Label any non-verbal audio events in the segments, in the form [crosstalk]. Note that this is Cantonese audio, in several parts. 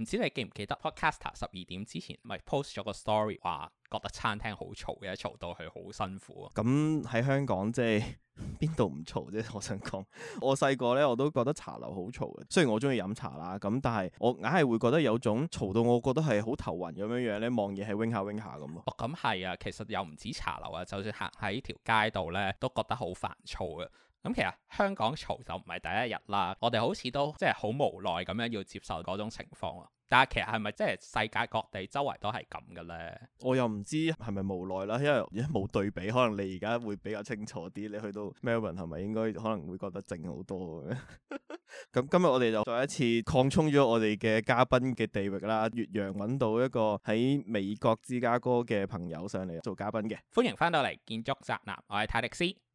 唔知你記唔記得 Podcaster 十二點之前咪 post 咗個 story 話覺得餐廳好嘈嘅，嘈到佢好辛苦啊。咁喺、嗯、香港即係邊度唔嘈啫？我想講，我細個咧我都覺得茶樓好嘈嘅，雖然我中意飲茶啦，咁但係我硬係會覺得有種嘈到我覺得係好頭暈咁樣樣咧，望嘢喺 wing 下 wing 下咁咯。哦，咁係啊，其實又唔止茶樓啊，就算行喺條街度咧，都覺得好煩躁嘅。咁其實香港嘈就唔係第一日啦，我哋好似都即係好無奈咁樣要接受嗰種情況啊。但係其實係咪即係世界各地周圍都係咁嘅咧？我又唔知係咪無奈啦，因為而家冇對比，可能你而家會比較清楚啲。你去到 Melbourne 係咪應該可能會覺得靜好多嘅？咁 [laughs] 今日我哋就再一次擴充咗我哋嘅嘉賓嘅地域啦，越洋揾到一個喺美國芝加哥嘅朋友上嚟做嘉賓嘅，歡迎翻到嚟建築宅男，我係泰迪斯。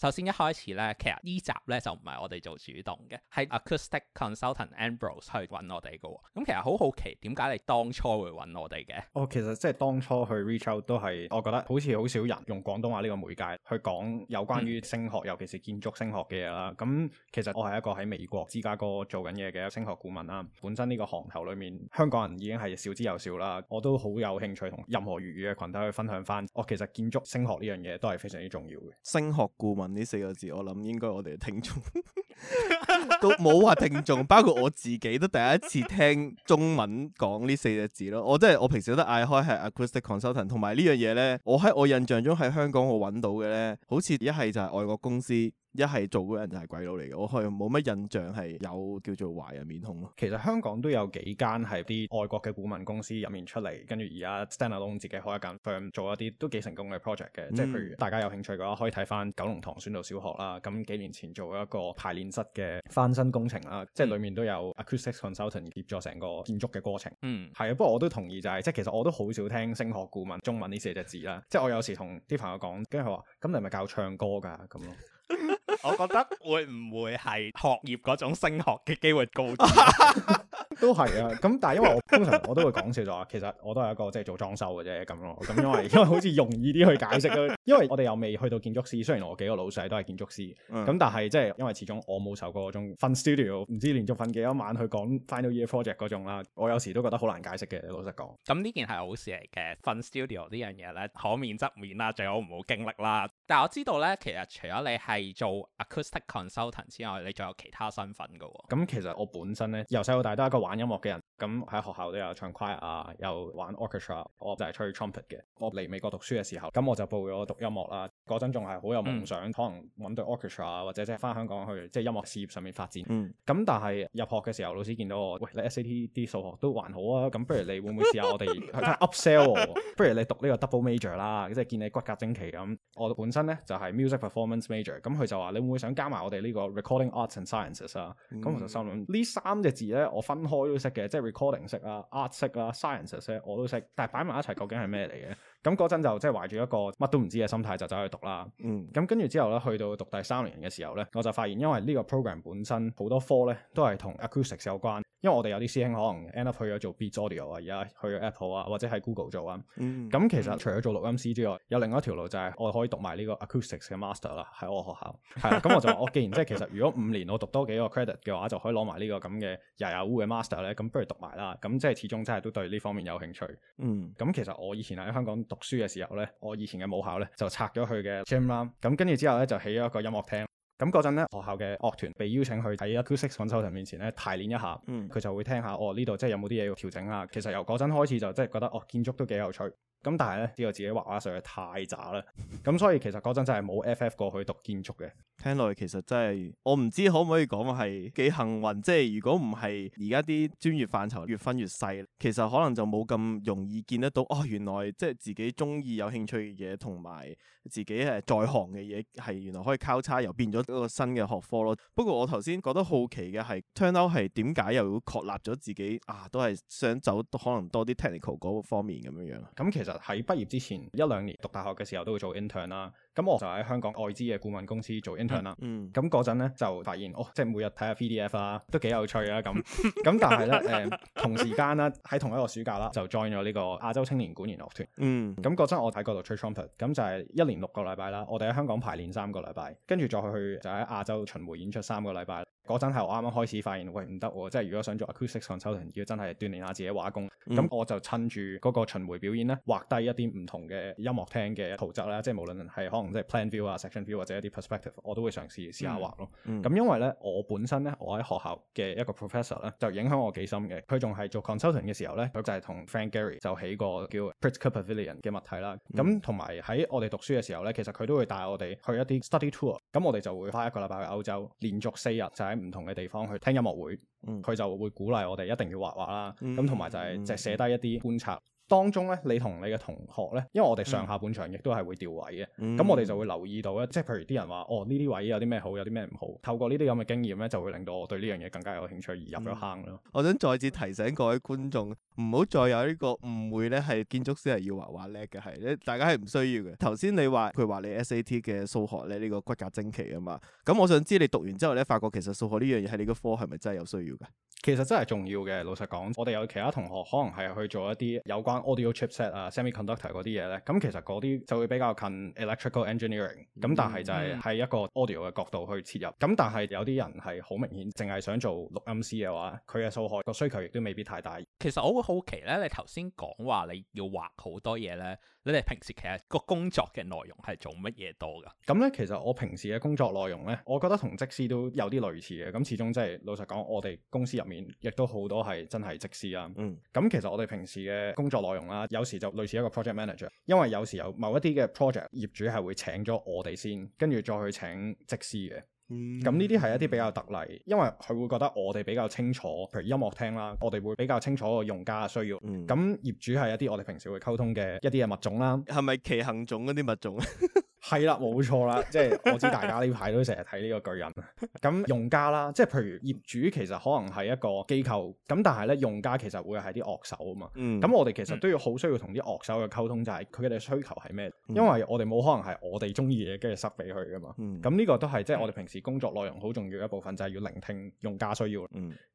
首先一開始咧，其實呢集咧就唔係我哋做主動嘅，係 Acoustic Consultant Ambrose 去揾我哋嘅喎。咁其實好好奇，點解你當初會揾我哋嘅？哦，其實即係當初去 reach out 都係我覺得好似好少人用廣東話呢個媒介去講有關於聲學，嗯、尤其是建築聲學嘅嘢啦。咁、嗯、其實我係一個喺美國芝加哥做緊嘢嘅一個聲學顧問啦。本身呢個行頭裡面，香港人已經係少之又少啦。我都好有興趣同任何粵語嘅群體去分享翻。我、哦、其實建築聲學呢樣嘢都係非常之重要嘅聲學顧問。呢四個字，我諗應該我哋聽眾。 [laughs] [laughs] 都冇話聽眾，包括我自己都第一次聽中文講呢四隻字咯。我即係我平時都嗌開係 acoustic consultant，同埋呢樣嘢呢。我喺我印象中喺香港我揾到嘅呢，好似一係就係外國公司，一係做嗰人就係鬼佬嚟嘅。我係冇乜印象係有叫做華人面孔咯。其實香港都有幾間係啲外國嘅顧問公司入面出嚟，跟住而家 Stanley Wong 自己開一間 firm 做一啲都幾成功嘅 project 嘅，即係、嗯、譬如大家有興趣嘅話，可以睇翻九龍塘宣道小學啦。咁幾年前做一個排練室嘅翻新工程啦，即係裏面都有 Acoustic Consultant 協助成個建築嘅過程。嗯，係啊，不過我都同意就係、是，即係其實我都好少聽聲學顧問中文呢四隻字啦。即係我有時同啲朋友講，跟住佢話：咁你係咪教唱歌噶？咁咯， [laughs] 我覺得會唔會係學業嗰種升學嘅機會高啲？ [laughs] [laughs] 都係啊，咁但係因為我通常我都會講笑咗，其實我都係一個即係做裝修嘅啫咁咯，咁因為因為好似容易啲去解釋咯，因為我哋又未去到建築師，雖然我幾個老細都係建築師，咁、嗯、但係即係因為始終我冇受過嗰種瞓 studio，唔知連續瞓幾多晚去講 final year project 嗰種啦，我有時都覺得好難解釋嘅，老實講。咁呢件係好事嚟嘅，瞓 studio 呢樣嘢咧，可免則免啦，最好唔好經歷啦。但我知道咧，其實除咗你係做 acoustic consultant 之外，你仲有其他身份噶喎、哦。咁其實我本身咧，由細到大都係一個玩音樂嘅人。咁喺學校都有唱 choir 啊，又玩 orchestra，我就係吹 trumpet 嘅。我嚟美國讀書嘅時候，咁我就報咗讀音樂啦。嗰陣仲係好有夢想，嗯、可能揾對 orchestra 啊，或者即係返香港去即係、就是、音樂事業上面發展。咁、嗯、但係入學嘅時候，老師見到我，喂，你 SAT 啲數學都還好啊，咁不如你會唔會試下我哋 [laughs] upsell？我 [laughs] 不如你讀呢個 double major 啦，即係見你骨骼精奇咁。我本身呢就係、是、music performance major，咁佢就話你會唔會想加埋我哋呢個 recording arts and sciences 啊？咁、嗯、我就心諗呢三隻字呢，我分開都識嘅，即係 recording 識啊，arts 識啊，sciences 識、啊、我都識，但係擺埋一齊究竟係咩嚟嘅？ [laughs] [laughs] 咁嗰陣就即係懷住一個乜都唔知嘅心態就走去讀啦。嗯，咁跟住之後咧，去到讀第三年嘅時候咧，我就發現因為呢個 program 本身好多科咧都係同 acoustics 有關。因為我哋有啲師兄可能 end up 去咗做 Beats audio 啊，而家去咗 Apple 啊，或者喺 Google 做啊。咁、嗯、其實除咗做錄音師之外，有另外一條路就係我可以讀埋呢個 acoustics 嘅 master 啦，喺我學校。係 [laughs] 啊，咁我就我既然即係其實如果五年我讀多幾個 credit 嘅話，就可以攞埋呢個咁嘅 Yahoo 嘅 master 咧，咁不如讀埋啦。咁即係始終真係都對呢方面有興趣。嗯。咁其實我以前喺香港讀書嘅時候咧，我以前嘅母校咧就拆咗佢嘅 gym 啦，咁跟住之後咧就起咗一個音樂廳。咁嗰陣咧，學校嘅樂團被邀請去喺 acoustic consultant 面前咧排練一下，佢、嗯、就會聽一下，哦，呢度即係有冇啲嘢要調整啊。其實由嗰陣開始就即係覺得，哦，建築都幾有趣。咁但係咧，呢個自己畫畫實在太渣啦，咁 [laughs] 所以其實嗰陣真係冇 FF 過去讀建築嘅。聽落去其實真係，我唔知可唔可以講係幾幸運，即係如果唔係而家啲專業範疇越分越細，其實可能就冇咁容易見得到哦。原來即係自己中意有興趣嘅嘢，同埋自己誒在行嘅嘢，係原來可以交叉，又變咗一個新嘅學科咯。不過我頭先覺得好奇嘅係，turn out 係點解又要確立咗自己啊？都係想走可能多啲 technical 嗰方面咁樣樣。咁其實。喺畢業之前一兩年讀大學嘅時候都會做 intern 啦。咁我就喺香港外資嘅顧問公司做 intern 啦。咁嗰陣咧就發現，哦，即係每日睇下 PDF 啦、啊，都幾有趣啊。咁咁 [laughs] 但係咧，誒、嗯、同時間咧喺同一個暑假啦，就 join 咗呢個亞洲青年管弦樂團。咁嗰陣我喺嗰度吹 trumpet，咁就係一年六個禮拜啦。我哋喺香港排練三個禮拜，跟住再去就喺亞洲巡迴演出三個禮拜。嗰陣係我啱啱開始發現，喂，唔得喎，即係如果想做 Acoustic Consultant，要真係鍛鍊下自己畫功，咁我就趁住嗰個巡迴表演咧，畫低一啲唔同嘅音樂廳嘅圖則啦，即係無論係即係 plan view 啊、section view 或者一啲 perspective，我都會嘗試試下畫咯。咁、嗯嗯、因為咧，我本身咧，我喺學校嘅一個 professor 咧，就影響我幾深嘅。佢仲係做 consultant 嘅時候咧，佢就係同 Frank Gehry 就起個叫 Pritzker Pavilion 嘅物體啦。咁同埋喺我哋讀書嘅時候咧，其實佢都會帶我哋去一啲 study tour。咁我哋就會花一個禮拜去歐洲，連續四日就喺唔同嘅地方去聽音樂會。佢、嗯、就會鼓勵我哋一定要畫畫啦。咁同埋就係就寫低一啲觀察。當中咧，你同你嘅同學咧，因為我哋上下半場亦都係會掉位嘅，咁、嗯、我哋就會留意到咧，即係譬如啲人話哦，呢啲位有啲咩好，有啲咩唔好。透過呢啲咁嘅經驗咧，就會令到我對呢樣嘢更加有興趣而入咗坑咯、嗯。我想再次提醒各位觀眾，唔好再有呢個誤會咧，係建築師係要畫畫叻嘅，係你大家係唔需要嘅。頭先你話佢話你 S A T 嘅數學咧呢個骨骼精奇啊嘛，咁我想知你讀完之後咧，發覺其實數學呢樣嘢喺你個科係咪真係有需要嘅？其實真係重要嘅。老實講，我哋有其他同學可能係去做一啲有關 audio chipset 啊，semiconductor 嗰啲嘢咧，咁其實嗰啲就會比較近 electrical engineering，咁、嗯、但係就係喺一個 audio 嘅角度去切入，咁、嗯、但係有啲人係好明顯淨係想做錄音師嘅話，佢嘅數學個需求亦都未必太大。其實我會好奇咧，你頭先講話你要畫好多嘢咧。你哋平時其實個工作嘅內容係做乜嘢多㗎？咁咧，其實我平時嘅工作內容咧，我覺得同則師都有啲類似嘅。咁始終即係老實講，我哋公司入面亦都好多係真係則師啊。嗯，咁其實我哋平時嘅工作內容啦，有時就類似一個 project manager，因為有時有某一啲嘅 project，業主係會請咗我哋先，跟住再去請則師嘅。咁呢啲係一啲比較特例，因為佢會覺得我哋比較清楚，譬如音樂廳啦，我哋會比較清楚個用家嘅需要。咁、嗯、業主係一啲我哋平時會溝通嘅一啲嘅物種啦。係咪奇行種嗰啲物種？ [laughs] 係啦，冇錯啦，即係我知大家呢排都成日睇呢個巨人。咁 [laughs] 用家啦，即係譬如業主其實可能係一個機構，咁但係咧用家其實會係啲樂手啊嘛。咁、嗯、我哋其實都要好需要同啲樂手嘅溝通，就係佢哋嘅需求係咩？嗯、因為我哋冇可能係我哋中意嘅嘢跟住塞俾佢噶嘛。咁呢、嗯、個都係即係我哋平時工作內容好重要一部分，就係、是、要聆聽用家需要。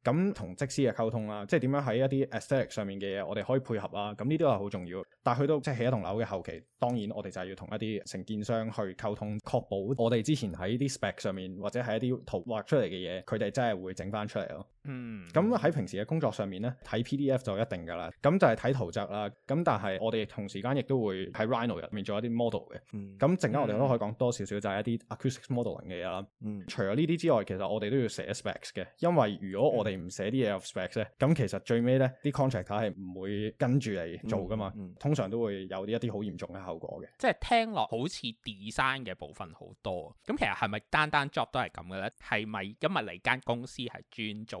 咁同設計師嘅溝通啦、啊，即係點樣喺一啲 aesthetic 上面嘅嘢，我哋可以配合啊。咁呢啲係好重要。但係去到即係起一棟樓嘅後期，當然我哋就係要同一啲承建商。去溝通，確保我哋之前喺啲 spec 上面，或者係一啲圖畫出嚟嘅嘢，佢哋真係會整翻出嚟咯。嗯，咁喺平時嘅工作上面咧，睇 PDF 就一定噶啦，咁就係睇圖則啦，咁但係我哋同時間亦都會喺 Rhino 入面做一啲 model 嘅，咁陣間我哋都可以講多少少就係一啲 acoustic modelling 嘅嘢啦。嗯，除咗呢啲之外，其實我哋都要寫 specs 嘅，因為如果我哋唔寫啲嘢 out specs 咧、嗯，咁其實最尾咧啲 contract 係唔會跟住嚟做噶嘛，嗯嗯、通常都會有啲一啲好嚴重嘅後果嘅。即係聽落好似 design 嘅部分好多，咁其實係咪單單 job 都係咁嘅咧？係咪因為你間公司係專做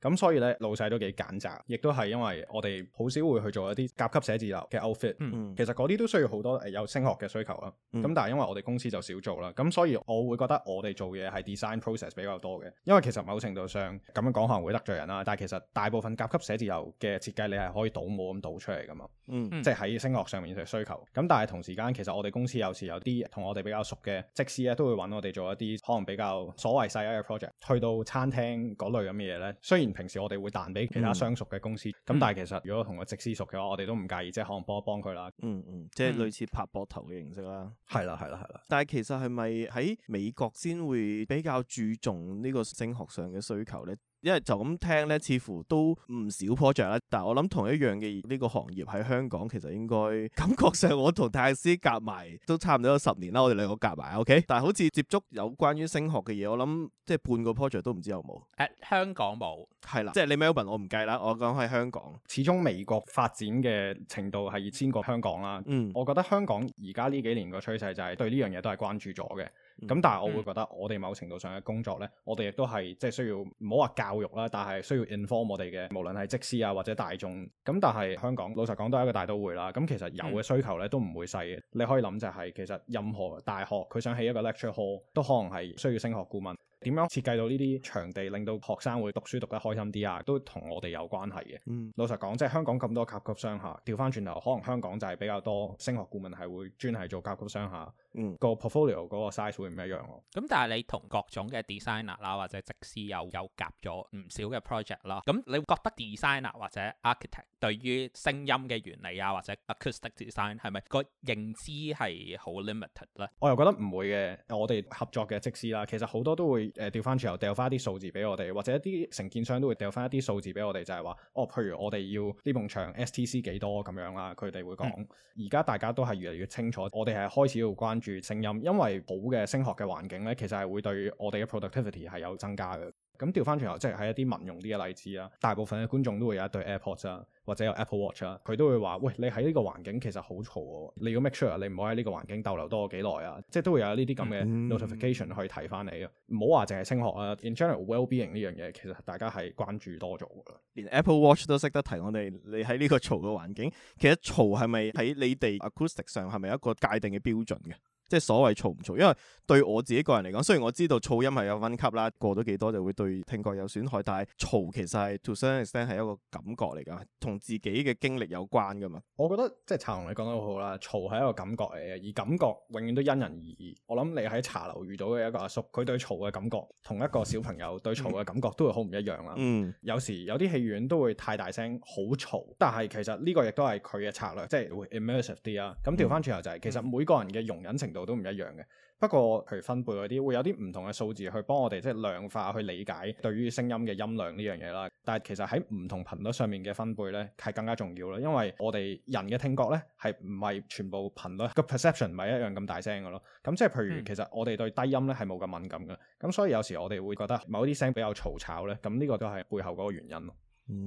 咁所以咧，老細都幾揀擇，亦都係因為我哋好少會去做一啲甲級寫字樓嘅 outfit，、嗯、其實嗰啲都需要好多有聲學嘅需求啦。咁、嗯、但係因為我哋公司就少做啦，咁所以我會覺得我哋做嘢係 design process 比較多嘅。因為其實某程度上咁樣講可能會得罪人啦，但係其實大部分甲級寫字樓嘅設計你係可以倒模咁倒出嚟噶嘛，嗯、即係喺聲學上面嘅需求。咁、嗯、但係同時間其實我哋公司有時有啲同我哋比較熟嘅則師咧，都會揾我哋做一啲可能比較所謂細啲嘅 project，去到餐廳嗰類咁嘅嘢咧，雖然。平時我哋會彈俾其他相熟嘅公司，咁、嗯、但係其實如果同個直司熟嘅話，我哋都唔介意，即係可能幫一幫佢啦。嗯嗯，即係類似拍膊頭嘅形式啦。係啦係啦係啦。但係其實係咪喺美國先會比較注重呢個聲學上嘅需求咧？因為就咁聽咧，似乎都唔少 project 啦。但係我諗同一樣嘅呢個行業喺香港其實應該感覺上我同泰斯夾埋都差唔多十年啦。我哋兩個夾埋 OK，但係好似接觸有關於聲學嘅嘢，我諗即係半個 project 都唔知有冇。誒，香港冇。係啦，即係你 Melvin 我唔計啦。我講喺香港，始終美國發展嘅程度係先過香港啦。嗯，我覺得香港而家呢幾年趨勢個趨勢就係對呢樣嘢都係關注咗嘅。咁、嗯、但係我會覺得我哋某程度上嘅工作呢，我哋亦都係即係需要唔好話教育啦，但係需要 inform 我哋嘅，無論係則師啊或者大眾。咁但係香港老實講都係一個大都會啦。咁其實有嘅需求呢都唔會細嘅。你可以諗就係、是、其實任何大學佢想起一個 lecture hall 都可能係需要聲學顧問點樣設計到呢啲場地，令到學生會讀書讀得開心啲啊，都同我哋有關係嘅。嗯，老實講即係香港咁多甲級商廈，調翻轉頭可能香港就係比較多聲學顧問係會專係做甲級商廈。嗯，個 portfolio 嗰個 size 會唔一樣咯、啊。咁、嗯、但係你同各種嘅 designer 啦，或者則師又有夾咗唔少嘅 project 啦。咁、嗯、你覺得 designer 或者 architect 對於聲音嘅原理啊，或者 acoustic design 係咪個認知係好 limited 咧？我又覺得唔會嘅。我哋合作嘅則師啦，其實好多都會誒、呃、掉翻轉頭掉翻啲數字俾我哋，或者一啲承建商都會掉翻一啲數字俾我哋，就係、是、話哦，譬如我哋要呢埲牆 STC 幾多咁樣啦，佢哋會講。而家、嗯、大家都係越嚟越清楚，我哋係開始要關住聲音，因為好嘅聲學嘅環境咧，其實係會對我哋嘅 productivity 係有增加嘅。咁調翻轉頭，即係喺一啲民用啲嘅例子啦，大部分嘅觀眾都會有一對 AirPods 啦，或者有 Apple Watch 啦，佢都會話，喂，你喺呢個環境其實好嘈喎，你要 make sure 你唔好喺呢個環境逗留多幾耐啊！即係都會有呢啲咁嘅 notification 去提翻你嘅。唔好話淨係聲學啊、嗯、，in general well-being 呢樣嘢其實大家係關注多咗嘅。連 Apple Watch 都識得提我哋，你喺呢個嘈嘅環境，其實嘈係咪喺你哋 acoustic 上係咪一個界定嘅標準嘅？即係所謂嘈唔嘈，因為對我自己個人嚟講，雖然我知道噪音係有分級啦，過咗幾多就會對聽覺有損害，但係嘈其實係 to some extent 係一個感覺嚟㗎，同自己嘅經歷有關㗎嘛。我覺得即係茶壺你講得好好啦，嘈係一個感覺嚟嘅，而感覺永遠都因人而異。我諗你喺茶樓遇到嘅一個阿叔，佢對嘈嘅感覺，同一個小朋友對嘈嘅感覺都會好唔一樣啦。嗯，有時有啲戲院都會太大聲，好嘈，但係其實呢個亦都係佢嘅策略，即係會 immersive 啲啦、啊。咁調翻轉頭就係、是，嗯、其實每個人嘅容忍程度。都唔一樣嘅，不過譬如分貝嗰啲會有啲唔同嘅數字去幫我哋即係量化去理解對於聲音嘅音量呢樣嘢啦。但係其實喺唔同頻率上面嘅分貝咧係更加重要咯，因為我哋人嘅聽覺咧係唔係全部頻率嘅 perception 唔係一樣咁大聲嘅咯。咁即係譬如、嗯、其實我哋對低音咧係冇咁敏感嘅，咁所以有時我哋會覺得某啲聲比較嘈吵咧，咁呢個都係背後嗰個原因咯。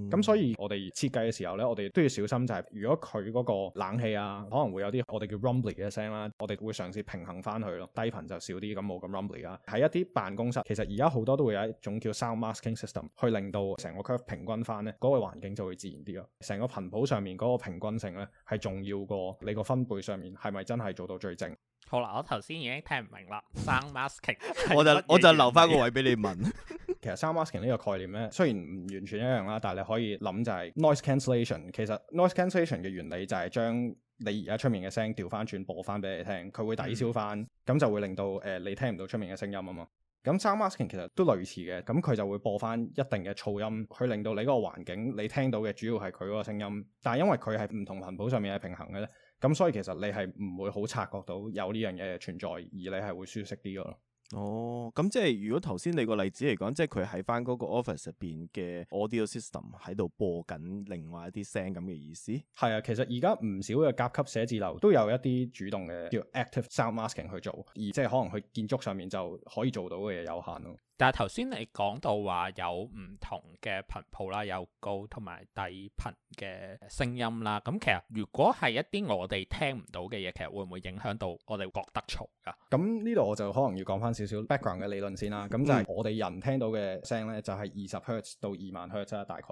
咁、嗯、所以我哋設計嘅時候呢，我哋都要小心就係、是，如果佢嗰個冷氣啊，可能會有啲我哋叫 rumble 嘅聲啦、啊，我哋會嘗試平衡翻佢咯，低頻就少啲，咁冇咁 rumble 啦、啊。喺一啲辦公室，其實而家好多都會有一種叫 sound masking system，去令到成個 curve 平均翻呢嗰、那個環境就會自然啲咯。成個頻譜上面嗰個平均性呢係重要過你個分貝上面係咪真係做到最正。好啦，我頭先已經聽唔明啦。Sound masking， [laughs] 我，我就我就留翻個位俾你問。 [laughs] 其實 sound masking 呢個概念咧，雖然唔完全一樣啦，但係你可以諗就係 noise cancellation。其實 noise cancellation 嘅原理就係將你而家出面嘅聲調翻轉播翻俾你聽，佢會抵消翻，咁、嗯、就會令到誒、呃、你聽唔到出面嘅聲音啊嘛。咁 sound masking 其實都類似嘅，咁佢就會播翻一定嘅噪音，去令到你嗰個環境你聽到嘅主要係佢嗰個聲音，但係因為佢係唔同頻譜上面係平衡嘅咧。咁所以其實你係唔會好察覺到有呢樣嘢存在，而你係會舒適啲咯。哦，咁即係如果頭先你個例子嚟講，即係佢喺返嗰個 office 入邊嘅 audio system 喺度播緊另外一啲聲咁嘅意思？係啊、哦，其實而家唔少嘅甲級寫字樓都有一啲主動嘅叫 active sound masking 去做，而即係可能佢建築上面就可以做到嘅嘢有限咯。但係頭先你講到話有唔同嘅頻譜啦，有高同埋低頻嘅聲音啦。咁其實如果係一啲我哋聽唔到嘅嘢，其實會唔會影響到我哋覺得嘈㗎？咁呢度我就可能要講翻少少 background 嘅理論先啦。咁、嗯、就係我哋人聽到嘅聲咧，就係二十赫茲到二萬赫茲啦，大概。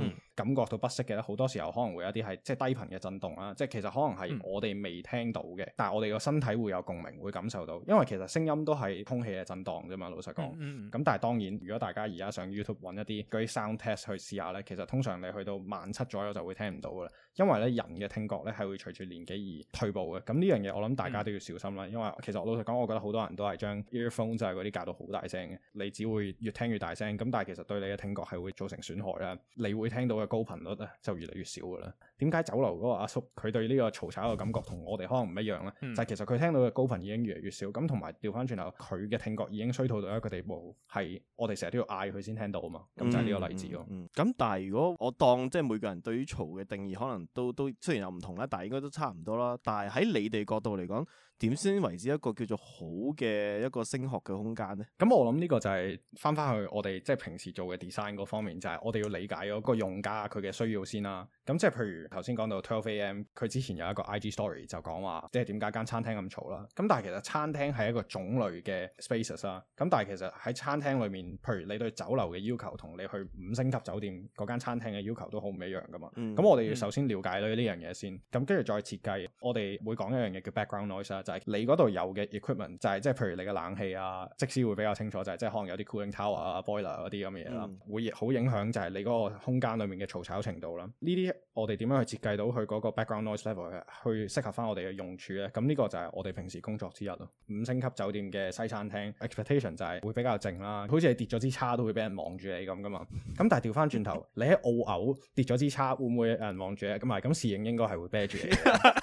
嗯，感覺到不適嘅咧，好多時候可能會有一啲係即係低頻嘅震動啦，即係其實可能係我哋未聽到嘅，嗯、但係我哋個身體會有共鳴，會感受到，因為其實聲音都係空氣嘅震盪啫嘛，老實講。咁、嗯嗯、但係當然，如果大家而家上 YouTube 揾一啲嗰啲 sound test 去試下咧，其實通常你去到萬七左右就會聽唔到噶啦。因為咧人嘅聽覺咧係會隨住年紀而退步嘅，咁呢樣嘢我諗大家都要小心啦。嗯、因為其實我老實講，我覺得好多人都係將 earphone 就係嗰啲校到好大聲嘅，你只會越聽越大聲，咁但係其實對你嘅聽覺係會造成損害啦。你會聽到嘅高頻率啊就越嚟越少噶啦。點解酒樓嗰個阿叔佢對呢個嘈吵嘅感覺同我哋可能唔一樣咧？嗯、就係其實佢聽到嘅高頻已經越嚟越少，咁同埋調翻轉頭佢嘅聽覺已經衰退到一個地步，係我哋成日都要嗌佢先聽到啊嘛。咁就係、是、呢個例子咯。咁、嗯嗯嗯嗯、但係如果我當即係每個人對於嘈嘅定義可能。都都雖然有唔同啦，但係應該都差唔多啦。但係喺你哋角度嚟講，點先為之一個叫做好嘅一個聲學嘅空間咧？咁我諗呢個就係翻返去我哋即係平時做嘅 design 嗰方面，就係我哋要理解個用家佢嘅需要先啦。咁即係譬如頭先講到 twelve AM 佢之前有一個 IG story 就講話即係點解間餐廳咁嘈啦？咁但係其實餐廳係一個種類嘅 spaces 啦。咁但係其實喺餐廳裏面，譬如你對酒樓嘅要求同你去五星級酒店間餐廳嘅要求都好唔一樣噶嘛。咁我哋要首先了解。了解呢呢樣嘢先，咁跟住再設計。我哋會講一樣嘢叫 background noise 啦，就係你嗰度有嘅 equipment，就係即係譬如你嘅冷氣啊，即使會比較清楚，就係即係可能有啲 cooling tower 啊、boiler 啲咁嘅嘢啦，會好影響就係你嗰個空間裡面嘅嘈吵程度啦。呢啲我哋點樣去設計到佢嗰個 background noise level 嘅，去適合翻我哋嘅用處咧？咁呢個就係我哋平時工作之一咯。五星級酒店嘅西餐廳 expectation 就係會比較靜啦，好似係跌咗支叉都會俾人望住你咁噶嘛。咁但係調翻轉頭，你喺澳牛跌咗支叉，會唔會有人望住咧？咁侍應應該係會啤住你，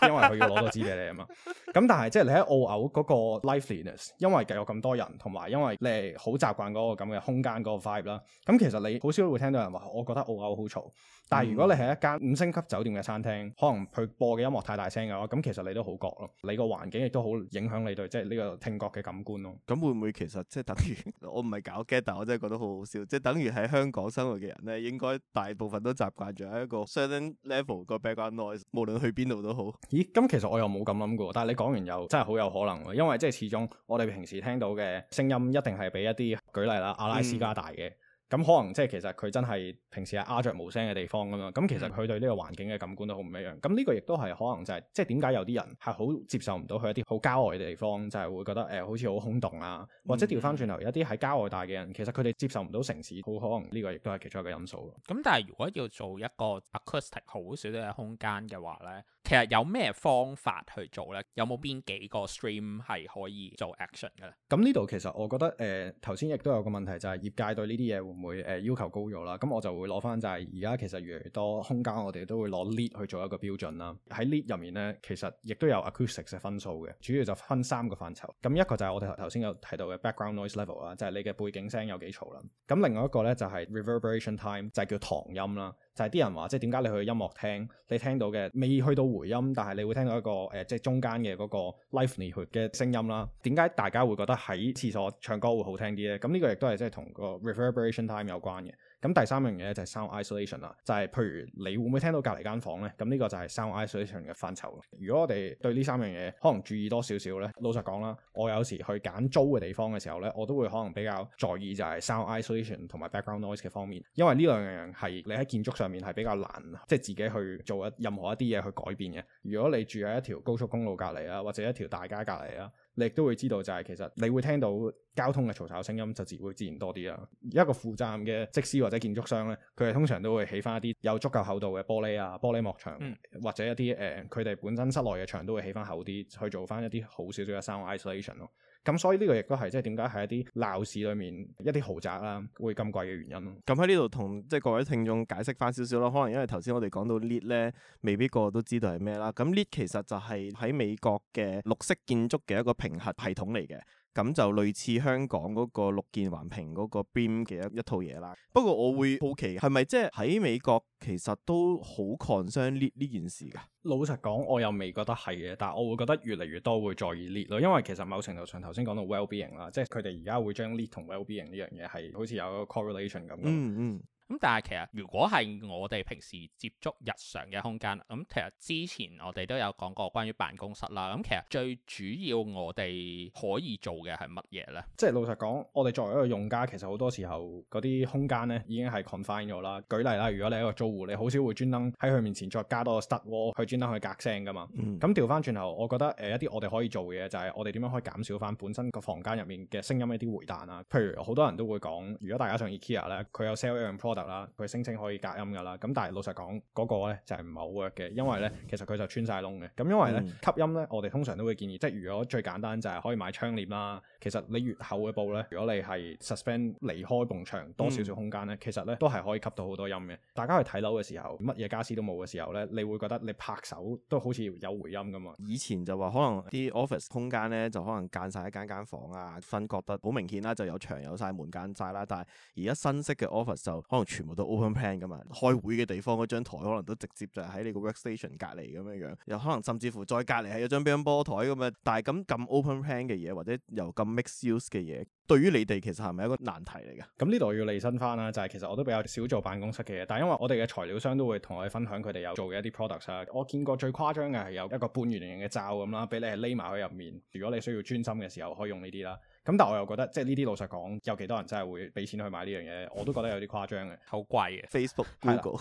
因為佢要攞多支俾你啊嘛。咁 [laughs] 但係即係你喺澳牛嗰個 liveliness，因為計有咁多人，同埋因為你好習慣嗰個咁嘅空間嗰個 vibe 啦。咁其實你好少會聽到人話，我覺得澳牛好嘈。但係如果你係一間五星級酒店嘅餐廳，可能佢播嘅音樂太大聲嘅話，咁其實你都好覺咯，你個環境亦都好影響你對即係呢個聽覺嘅感官咯。咁、嗯、會唔會其實即係等於我唔係搞 gag，但我真係覺得好好笑，即係等於喺香港生活嘅人咧，應該大部分都習慣咗喺一個 shouting level 個 background noise，無論去邊度都好。咦？咁其實我又冇咁諗過，但係你講完又真係好有可能喎，因為即係始終我哋平時聽到嘅聲音一定係比一啲舉例啦，阿拉斯加大嘅。嗯咁可能即係其實佢真係平時係鴉雀無聲嘅地方咁樣，咁其實佢對呢個環境嘅感官都好唔一樣。咁呢個亦都係可能就係、是、即係點解有啲人係好接受唔到去一啲好郊外嘅地方，就係、是、會覺得誒、呃、好似好空洞啊，或者掉返轉頭，有一啲喺郊外大嘅人，其實佢哋接受唔到城市，好可能呢個亦都係其中一個因素咯。咁、嗯嗯、但係如果要做一個 acoustic 好少少嘅空間嘅話咧？其實有咩方法去做呢？有冇邊幾個 stream 係可以做 action 嘅咧？咁呢度其實我覺得，誒頭先亦都有個問題，就係、是、業界對呢啲嘢會唔會誒、呃、要求高咗啦？咁我就會攞翻就係而家其實越嚟越多空間，我哋都會攞 LEED 去做一個標準啦。喺 LEED 入面呢，其實亦都有 acoustics 嘅分數嘅，主要就分三個範疇。咁一個就係我哋頭先有提到嘅 background noise level 啦，就係你嘅背景聲有幾嘈啦。咁另外一個呢，就係、是、reverberation time，就係叫堂音啦。就係啲人話，即係點解你去音樂廳，你聽到嘅未去到回音，但係你會聽到一個、呃、即中間嘅嗰個 live music 嘅聲音啦。點解大家會覺得喺廁所唱歌會好聽啲咧？咁呢個亦都係即係同個 reverberation time 有關嘅。咁第三樣嘢就係 sound isolation 啦，就係譬如你會唔會聽到隔離間房咧？咁呢個就係 sound isolation 嘅範疇。如果我哋對呢三樣嘢可能注意多少少咧，老實講啦，我有時去揀租嘅地方嘅時候咧，我都會可能比較在意就係 sound isolation 同埋 background noise 嘅方面，因為呢兩樣係你喺建築上面係比較難，即係自己去做一任何一啲嘢去改變嘅。如果你住喺一條高速公路隔離啊，或者一條大街隔離啊。你都會知道，就係其實你會聽到交通嘅嘈吵聲音，就自會自然多啲啦。一個負責嘅則師或者建築商咧，佢哋通常都會起翻一啲有足夠厚度嘅玻璃啊、玻璃幕牆，嗯、或者一啲誒佢哋本身室內嘅牆都會起翻厚啲，去做翻一啲好少少嘅 sound isolation 咯。咁所以呢個亦都係即係點解喺一啲鬧市裏面一啲豪宅啦、啊、會咁貴嘅原因咯。咁喺呢度同即係各位聽眾解釋翻少少咯。可能因為頭先我哋講到 LEED 咧，未必個個都知道係咩啦。咁 LEED 其實就係喺美國嘅綠色建築嘅一個評核系統嚟嘅。咁就類似香港嗰個六件環評嗰個 beam 嘅一一套嘢啦。不過我會好奇係咪即係喺美國其實都好 concern 呢呢件事嘅？老實講，我又未覺得係嘅，但係我會覺得越嚟越多會在意 LEED 咯，因為其實某程度上頭先講到 well being 啦，即係佢哋而家會將 LEED 同 well being 呢樣嘢係好似有一個 correlation 咁樣、嗯。嗯嗯。咁但係其實如果係我哋平時接觸日常嘅空間，咁其實之前我哋都有講過關於辦公室啦。咁其實最主要我哋可以做嘅係乜嘢咧？即係老實講，我哋作為一個用家，其實好多時候嗰啲空間咧已經係 confine 咗啦。舉例啦，如果你係一個租戶，你好少會專登喺佢面前再加多個 stud wall 去專登去隔聲噶嘛。咁調翻轉頭，我覺得誒一啲我哋可以做嘅就係我哋點樣可以減少翻本身個房間入面嘅聲音一啲回彈啊。譬如好多人都會講，如果大家上 IKEA 咧，佢有 sell 一樣嘢。啦，佢聲稱可以隔音噶啦，咁但係老實講，嗰、那個咧就係唔係好 work 嘅，因為咧其實佢就穿晒窿嘅。咁因為咧吸音咧，我哋通常都會建議，嗯、即係如果最簡單就係可以買窗簾啦。其實你越厚嘅布咧，如果你係 suspend 離開墻，多少少空間咧，嗯、其實咧都係可以吸到好多音嘅。大家去睇樓嘅時候，乜嘢家私都冇嘅時候咧，你會覺得你拍手都好似有回音咁嘛。以前就話可能啲 office 空間咧，就可能間晒一間間房啊，分割得好明顯啦，就有牆有晒門間晒啦。但係而家新式嘅 office 就可能全部都 open plan 噶嘛，開會嘅地方嗰張台可能都直接就喺你個 workstation 隔離咁樣樣，又可能甚至乎再隔離係有張乒乓波台咁樣！但係咁咁 open plan 嘅嘢，或者又咁 mixed use 嘅嘢，對於你哋其實係咪一個難題嚟嘅？咁呢度我要離身返啦，就係、是、其實我都比較少做辦公室嘅嘢，但係因為我哋嘅材料商都會同我哋分享佢哋有做嘅一啲 products 我見過最誇張嘅係有一個半圓形嘅罩咁啦，俾你係匿埋喺入面，如果你需要專心嘅時候可以用呢啲啦。咁但係我又覺得，即係呢啲老實講，有幾多人真係會俾錢去買呢樣嘢？我都覺得有啲誇張嘅，好貴嘅。Facebook、Google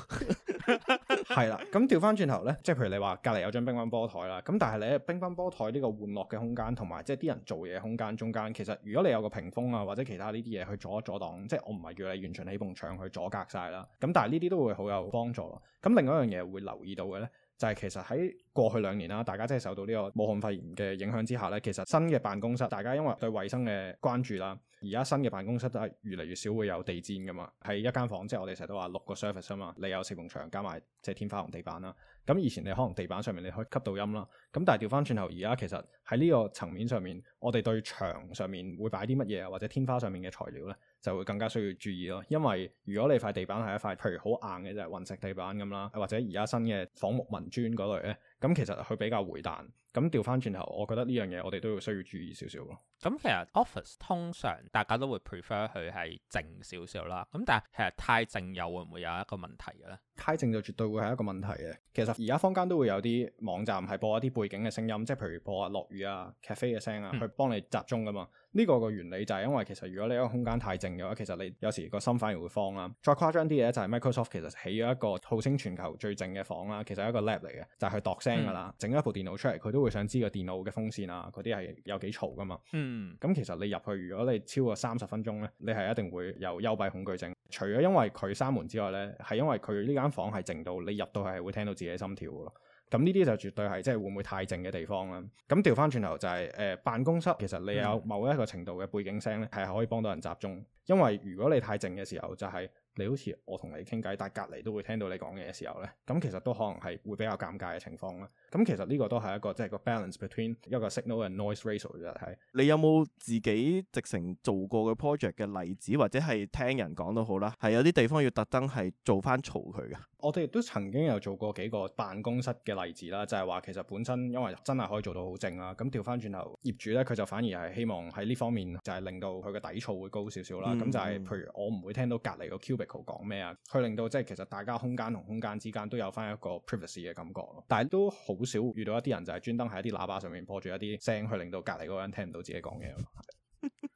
係啦，咁調翻轉頭咧，即係譬如你話隔離有張乒乓波台啦，咁但係你喺乒乓波台呢個玩樂嘅空間同埋即係啲人做嘢空間中間，其實如果你有個屏風啊或者其他呢啲嘢去阻一阻擋，即係我唔係叫你完全起埲牆去阻隔晒啦。咁但係呢啲都會好有幫助咯。咁另外一樣嘢會留意到嘅咧。但係，其實喺過去兩年啦，大家真係受到呢個武漢肺炎嘅影響之下，呢其實新嘅辦公室，大家因為對衞生嘅關注啦，而家新嘅辦公室都係越嚟越少會有地氈噶嘛。喺一間房即係我哋成日都話六個 surface 啊嘛，你有四埲牆加埋即係天花同地板啦。咁以前你可能地板上面你可以吸到音啦，咁但係調翻轉頭，而家其實喺呢個層面上面，我哋對牆上面會擺啲乜嘢，或者天花上面嘅材料呢，就會更加需要注意咯，因為如果你塊地板係一塊，譬如好硬嘅就係雲石地板咁啦，或者而家新嘅仿木紋磚嗰類咧，咁其實佢比較回彈。咁調翻轉頭，我覺得呢樣嘢我哋都要需要注意少少咯。咁其實 office 通常大家都會 prefer 佢係靜少少啦，咁但係其實太靜又會唔會有一個問題嘅咧？太靜就絕對會係一個問題嘅。其實而家坊間都會有啲網站係播一啲背景嘅聲音，即係譬如播下落雨啊、咖啡嘅聲啊，去幫你集中噶嘛。呢、嗯、個個原理就係因為其實如果你一個空間太靜嘅話，其實你有時個心反而會慌啦、啊。再誇張啲嘢就係 Microsoft 其實起咗一個號稱全球最靜嘅房啦，其實係一個 lab 嚟嘅，就係度聲噶啦。整、嗯、一部電腦出嚟，佢都會想知個電腦嘅風扇啊嗰啲係有幾嘈噶嘛。嗯嗯，咁其實你入去，如果你超過三十分鐘呢，你係一定會有幽閉恐懼症。除咗因為佢閂門之外呢，係因為佢呢間房係靜到，你入到去係會聽到自己心跳嘅。咁呢啲就絕對係即係會唔會太靜嘅地方啦。咁調翻轉頭就係、是、誒、呃、辦公室，其實你有某一個程度嘅背景聲咧，係可以幫到人集中。因為如果你太靜嘅時候，就係、是、你好似我同你傾偈，但隔離都會聽到你講嘢嘅時候呢，咁其實都可能係會比較尷尬嘅情況啦。咁其實呢個都係一個即係、就是、個 balance between 一個 signal and noise ratio 嘅係，你有冇自己直程做過嘅 project 嘅例子，或者係聽人講都好啦，係有啲地方要特登係做翻嘈佢嘅。我哋亦都曾經有做過幾個辦公室嘅例子啦，就係、是、話其實本身因為真係可以做到好靜啦，咁調翻轉頭業主咧佢就反而係希望喺呢方面就係令到佢嘅底噪會高少少啦，咁、嗯、就係、是嗯、譬如我唔會聽到隔離個 cubicle 講咩啊，佢令到即、就、係、是、其實大家空間同空間之間都有翻一個 privacy 嘅感覺，但係都好。好少遇到一啲人就係專登喺一啲喇叭上面播住一啲聲，去令到隔籬嗰個人聽唔到自己講嘢。 [laughs]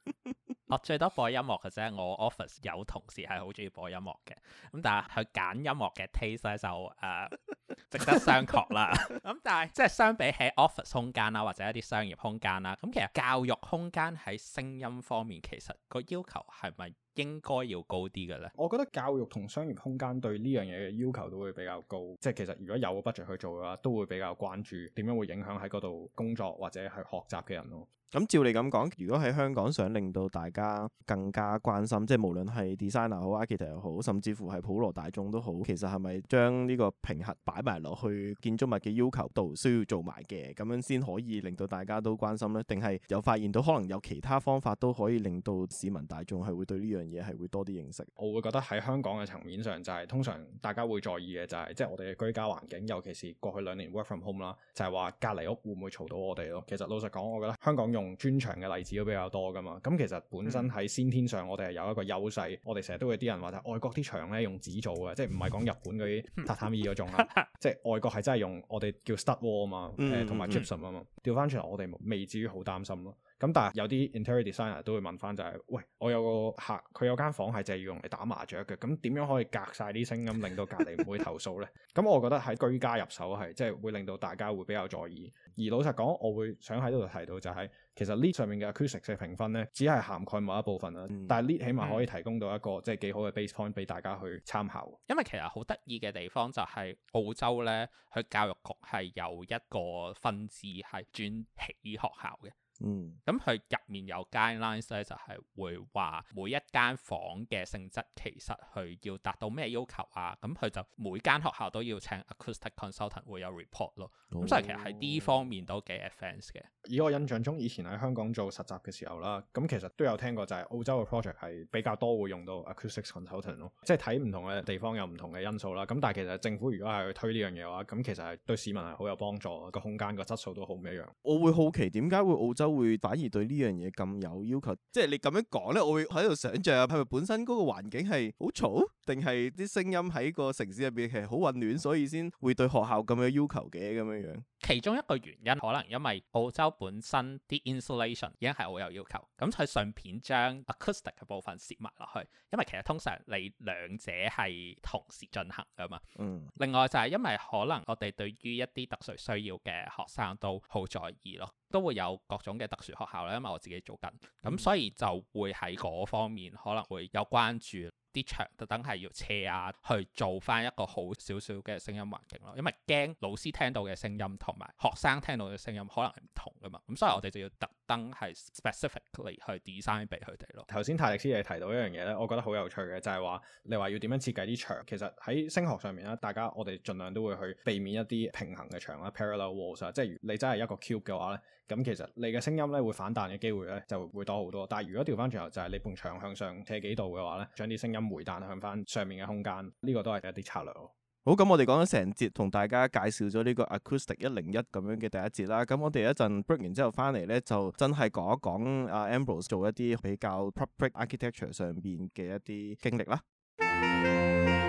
我、啊、最多播音樂嘅啫，我 office 有同事係好中意播音樂嘅，咁但係佢揀音樂嘅 taste 就誒、呃、 [laughs] 值得商榷啦。咁 [laughs] 但係即係相比起 office 空間啦、啊，或者一啲商業空間啦、啊，咁其實教育空間喺聲音方面，其實個要求係咪應該要高啲嘅咧？我覺得教育同商業空間對呢樣嘢嘅要求都會比較高，即係其實如果有個 budget 去做嘅話，都會比較關注點樣會影響喺嗰度工作或者係學習嘅人咯、啊。咁、嗯、照你咁講，如果喺香港想令到大家更加關心，即係無論係 designer 好，architect 又好，甚至乎係普羅大眾都好，其實係咪將呢個平衡擺埋落去建築物嘅要求度，需要做埋嘅，咁樣先可以令到大家都關心呢？定係有發現到可能有其他方法都可以令到市民大眾係會對呢樣嘢係會多啲認識？我會覺得喺香港嘅層面上、就係，就係通常大家會在意嘅就係即係我哋嘅居家環境，尤其是過去兩年 work from home 啦，就係話隔離屋會唔會嘈到我哋咯？其實老實講，我覺得香港用。用專場嘅例子都比較多噶嘛，咁其實本身喺先天上我哋係有一個優勢，嗯、我哋成日都會有啲人話就外國啲牆咧用紙做嘅，即係唔係講日本嗰啲榻榻米嗰種 [laughs] 即係外國係真係用我哋叫 stud wall 啊嘛，同埋 gypsum 啊嘛，調翻出嚟我哋未至於好擔心咯。咁但係有啲 interior designer 都會問翻就係、是，喂，我有個客佢有間房係淨係用嚟打麻雀嘅，咁點樣可以隔晒啲聲咁令到隔離唔會投訴咧？咁 [laughs] 我覺得喺居家入手係即係會令到大家會比較在意。而老實講，我會想喺呢度提到就係、是，其實呢上面嘅 acoustics 嘅評分咧，只係涵蓋某一部分啦。嗯、但係呢起碼可以提供到一個、嗯、即係幾好嘅 base point 俾大家去參考。因為其實好得意嘅地方就係澳洲咧，佢教育局係有一個分支係轉起學校嘅。嗯，咁佢入面有 guidelines 咧，就係、是、會話每一間房嘅性質其實佢要達到咩要求啊？咁佢就每間學校都要請 acoustic consultant，會有 report 咯。咁、哦、所以其實喺呢方面都幾 advanced 嘅。以我印象中，以前喺香港做實習嘅時候啦，咁其實都有聽過就係澳洲嘅 project 係比較多會用到 acoustic consultant 咯，即係睇唔同嘅地方有唔同嘅因素啦。咁但係其實政府如果係去推呢樣嘢嘅話，咁其實係對市民係好有幫助，個空間個質素都好唔一樣，我會好奇點解會澳洲？都會反而對呢樣嘢咁有要求，即係你咁樣講咧，我會喺度想象啊，係咪本身嗰個環境係好嘈？定係啲聲音喺個城市入邊其實好混亂，所以先會對學校咁樣要求嘅咁樣樣。其中一個原因可能因為澳洲本身啲 insulation 已經係好有要求，咁佢順便將 acoustic 嘅部分攝埋落去，因為其實通常你兩者係同時進行㗎嘛。嗯。另外就係因為可能我哋對於一啲特殊需要嘅學生都好在意咯，都會有各種嘅特殊學校啦，因為我自己做緊，咁所以就會喺嗰方面可能會有關注。啲牆特登係要斜啊，去做翻一個好少少嘅聲音環境咯，因為驚老師聽到嘅聲音同埋學生聽到嘅聲音可能係唔同噶嘛，咁所以我哋就要特。燈係 specifically 去 design 俾佢哋咯。頭先泰力斯你提到一樣嘢咧，我覺得好有趣嘅就係、是、話，你話要點樣設計啲牆？其實喺聲學上面咧，大家我哋盡量都會去避免一啲平行嘅牆啦，parallel walls 啊。即係你真係一個 cube 嘅話咧，咁其實你嘅聲音咧會反彈嘅機會咧就會多好多。但係如果調翻轉頭，就係、是、你盤牆向上踢幾度嘅話咧，將啲聲音回彈向翻上面嘅空間，呢、這個都係一啲策略。好，咁我哋講咗成節，同大家介紹咗呢個 Acoustic 一零一咁樣嘅第一節啦。咁我哋一陣 break 完之後翻嚟咧，就真係講一講阿 Ambrose 做一啲比較 Proper Architecture 上邊嘅一啲經歷啦。 [music]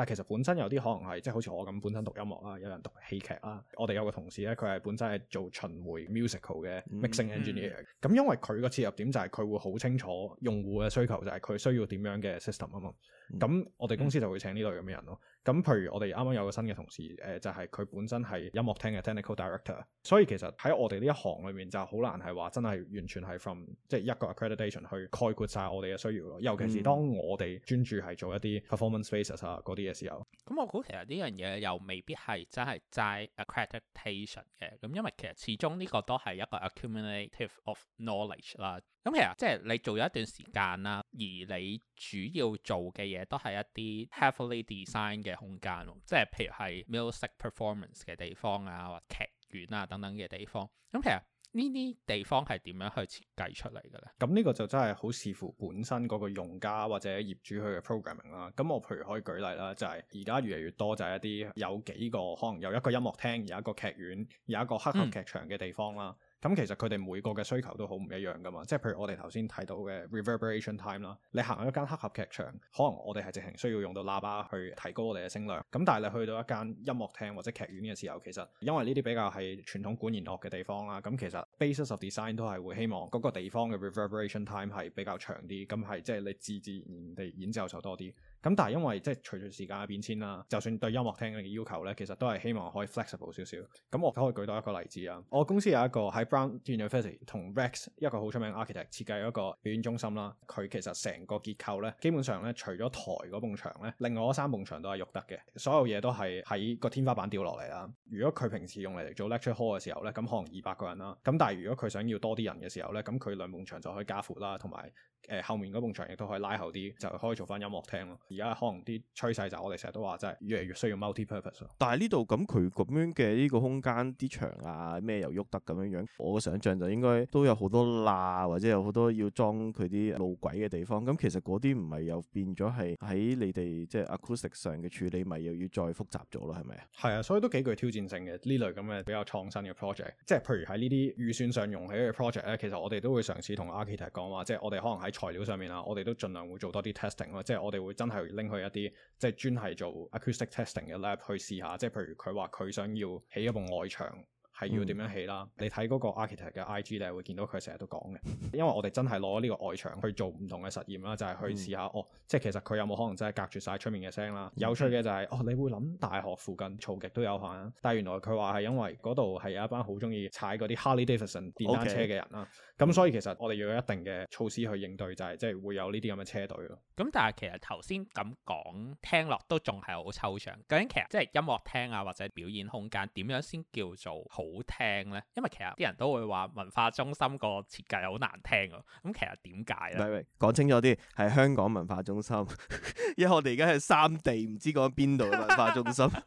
但係其實本身有啲可能係即係好似我咁本身讀音樂啦，有人讀戲劇啦，啊、我哋有個同事咧，佢係本身係做巡迴 musical 嘅 mixing engineer、嗯。咁、嗯、因為佢個切入點就係佢會好清楚用戶嘅需求，就係佢需要點樣嘅 system 啊嘛、嗯。咁、嗯、我哋公司就會請呢類咁嘅人咯。嗯嗯嗯咁，譬如我哋啱啱有個新嘅同事，誒、呃、就係、是、佢本身係音樂廳嘅 technical director，所以其實喺我哋呢一行裏面就好難係話真係完全係 from 即係一個 accreditation 去概括晒我哋嘅需要囉，尤其是當我哋專注係做一啲 performance spaces 啊嗰啲嘅時候。咁、嗯、我估其實呢樣嘢又未必係真係齋 accreditation 嘅，咁因為其實始終呢個都係一個 accumulative of knowledge 啦。咁其實即係你做咗一段時間啦、啊，而你主要做嘅嘢都係一啲 heavily design 嘅空間、啊，即係譬如係 music performance 嘅地方啊，或劇院啊等等嘅地方。咁其實呢啲地方係點樣去設計出嚟嘅咧？咁呢個就真係好視乎本身嗰個用家或者業主佢嘅 programming 啦。咁我譬如可以舉例啦，就係而家越嚟越多就係一啲有幾個可能有一個音樂廳，有一個劇院，有一個黑盒劇場嘅地方啦。嗯咁其實佢哋每個嘅需求都好唔一樣㗎嘛，即係譬如我哋頭先睇到嘅 reverberation time 啦，你行一間黑盒劇場，可能我哋係直情需要用到喇叭去提高我哋嘅聲量。咁但係你去到一間音樂廳或者劇院嘅時候，其實因為呢啲比較係傳統管弦樂嘅地方啦，咁其實 basis of design 都係會希望嗰個地方嘅 reverberation time 係比較長啲，咁係即係你自自然地演奏就多啲。咁但係因為即係隨住時間嘅變遷啦，就算對音樂廳嘅要求呢，其實都係希望可以 flexible 少少。咁我都可以舉多一個例子啊。我公司有一個喺 Brown University 同 Rex 一個好出名 architect 設計一個表演中心啦。佢其實成個結構呢，基本上呢，除咗台嗰埲牆呢，另外三埲牆都係喐得嘅。所有嘢都係喺個天花板掉落嚟啦。如果佢平時用嚟做 lecture hall 嘅時候呢，咁可能二百個人啦。咁但係如果佢想要多啲人嘅時候呢，咁佢兩埲牆就可以加闊啦，同埋誒後面嗰埲牆亦都可以拉後啲，就可以做翻音樂廳咯。而家可能啲趨勢就我哋成日都話，真係越嚟越需要 multi-purpose。但係呢度咁佢咁樣嘅呢個空間啲牆啊咩又喐得咁樣樣，我嘅想像就應該都有好多罅，或者有好多要裝佢啲路軌嘅地方。咁、嗯、其實嗰啲唔係又變咗係喺你哋即係 acoustic 上嘅處理，咪又要再複雜咗咯？係咪啊？係啊，所以都幾具挑戰性嘅呢類咁嘅比較創新嘅 project。即係譬如喺呢啲預算上用起嘅 project 咧，其實我哋都會嘗試同 architect 講話，即係我哋可能喺材料上面啊，我哋都盡量會做多啲 testing 咯，即係我哋會真係。拎去一啲即係專係做 acoustic testing 嘅 lab 去試下，即係譬如佢話，佢想要起一部外牆。係要點樣起啦？嗯、你睇嗰個 architect 嘅 IG 你係會見到佢成日都講嘅。 [laughs] 因為我哋真係攞呢個外牆去做唔同嘅實驗啦，就係、是、去試下、嗯、哦，即係其實佢有冇可能真係隔住晒出面嘅聲啦？嗯、有趣嘅就係、是、哦，你會諗大學附近嘈極都有限、啊，但係原來佢話係因為嗰度係有一班好中意踩嗰啲 Harley Davidson 電單車嘅人啦。咁、嗯、所以其實我哋要有一定嘅措施去應對，就係即係會有呢啲咁嘅車隊咯。咁但係其實頭先咁講聽落都仲係好抽象。究竟其實即係音樂廳啊，或者表演空間點樣先叫做好？好聽咧，因為其實啲人都會話文化中心個設計好難聽喎。咁其實點解咧？講清楚啲，係香港文化中心， [laughs] 因為我哋而家係三地唔知講邊度嘅文化中心。 [laughs] [laughs]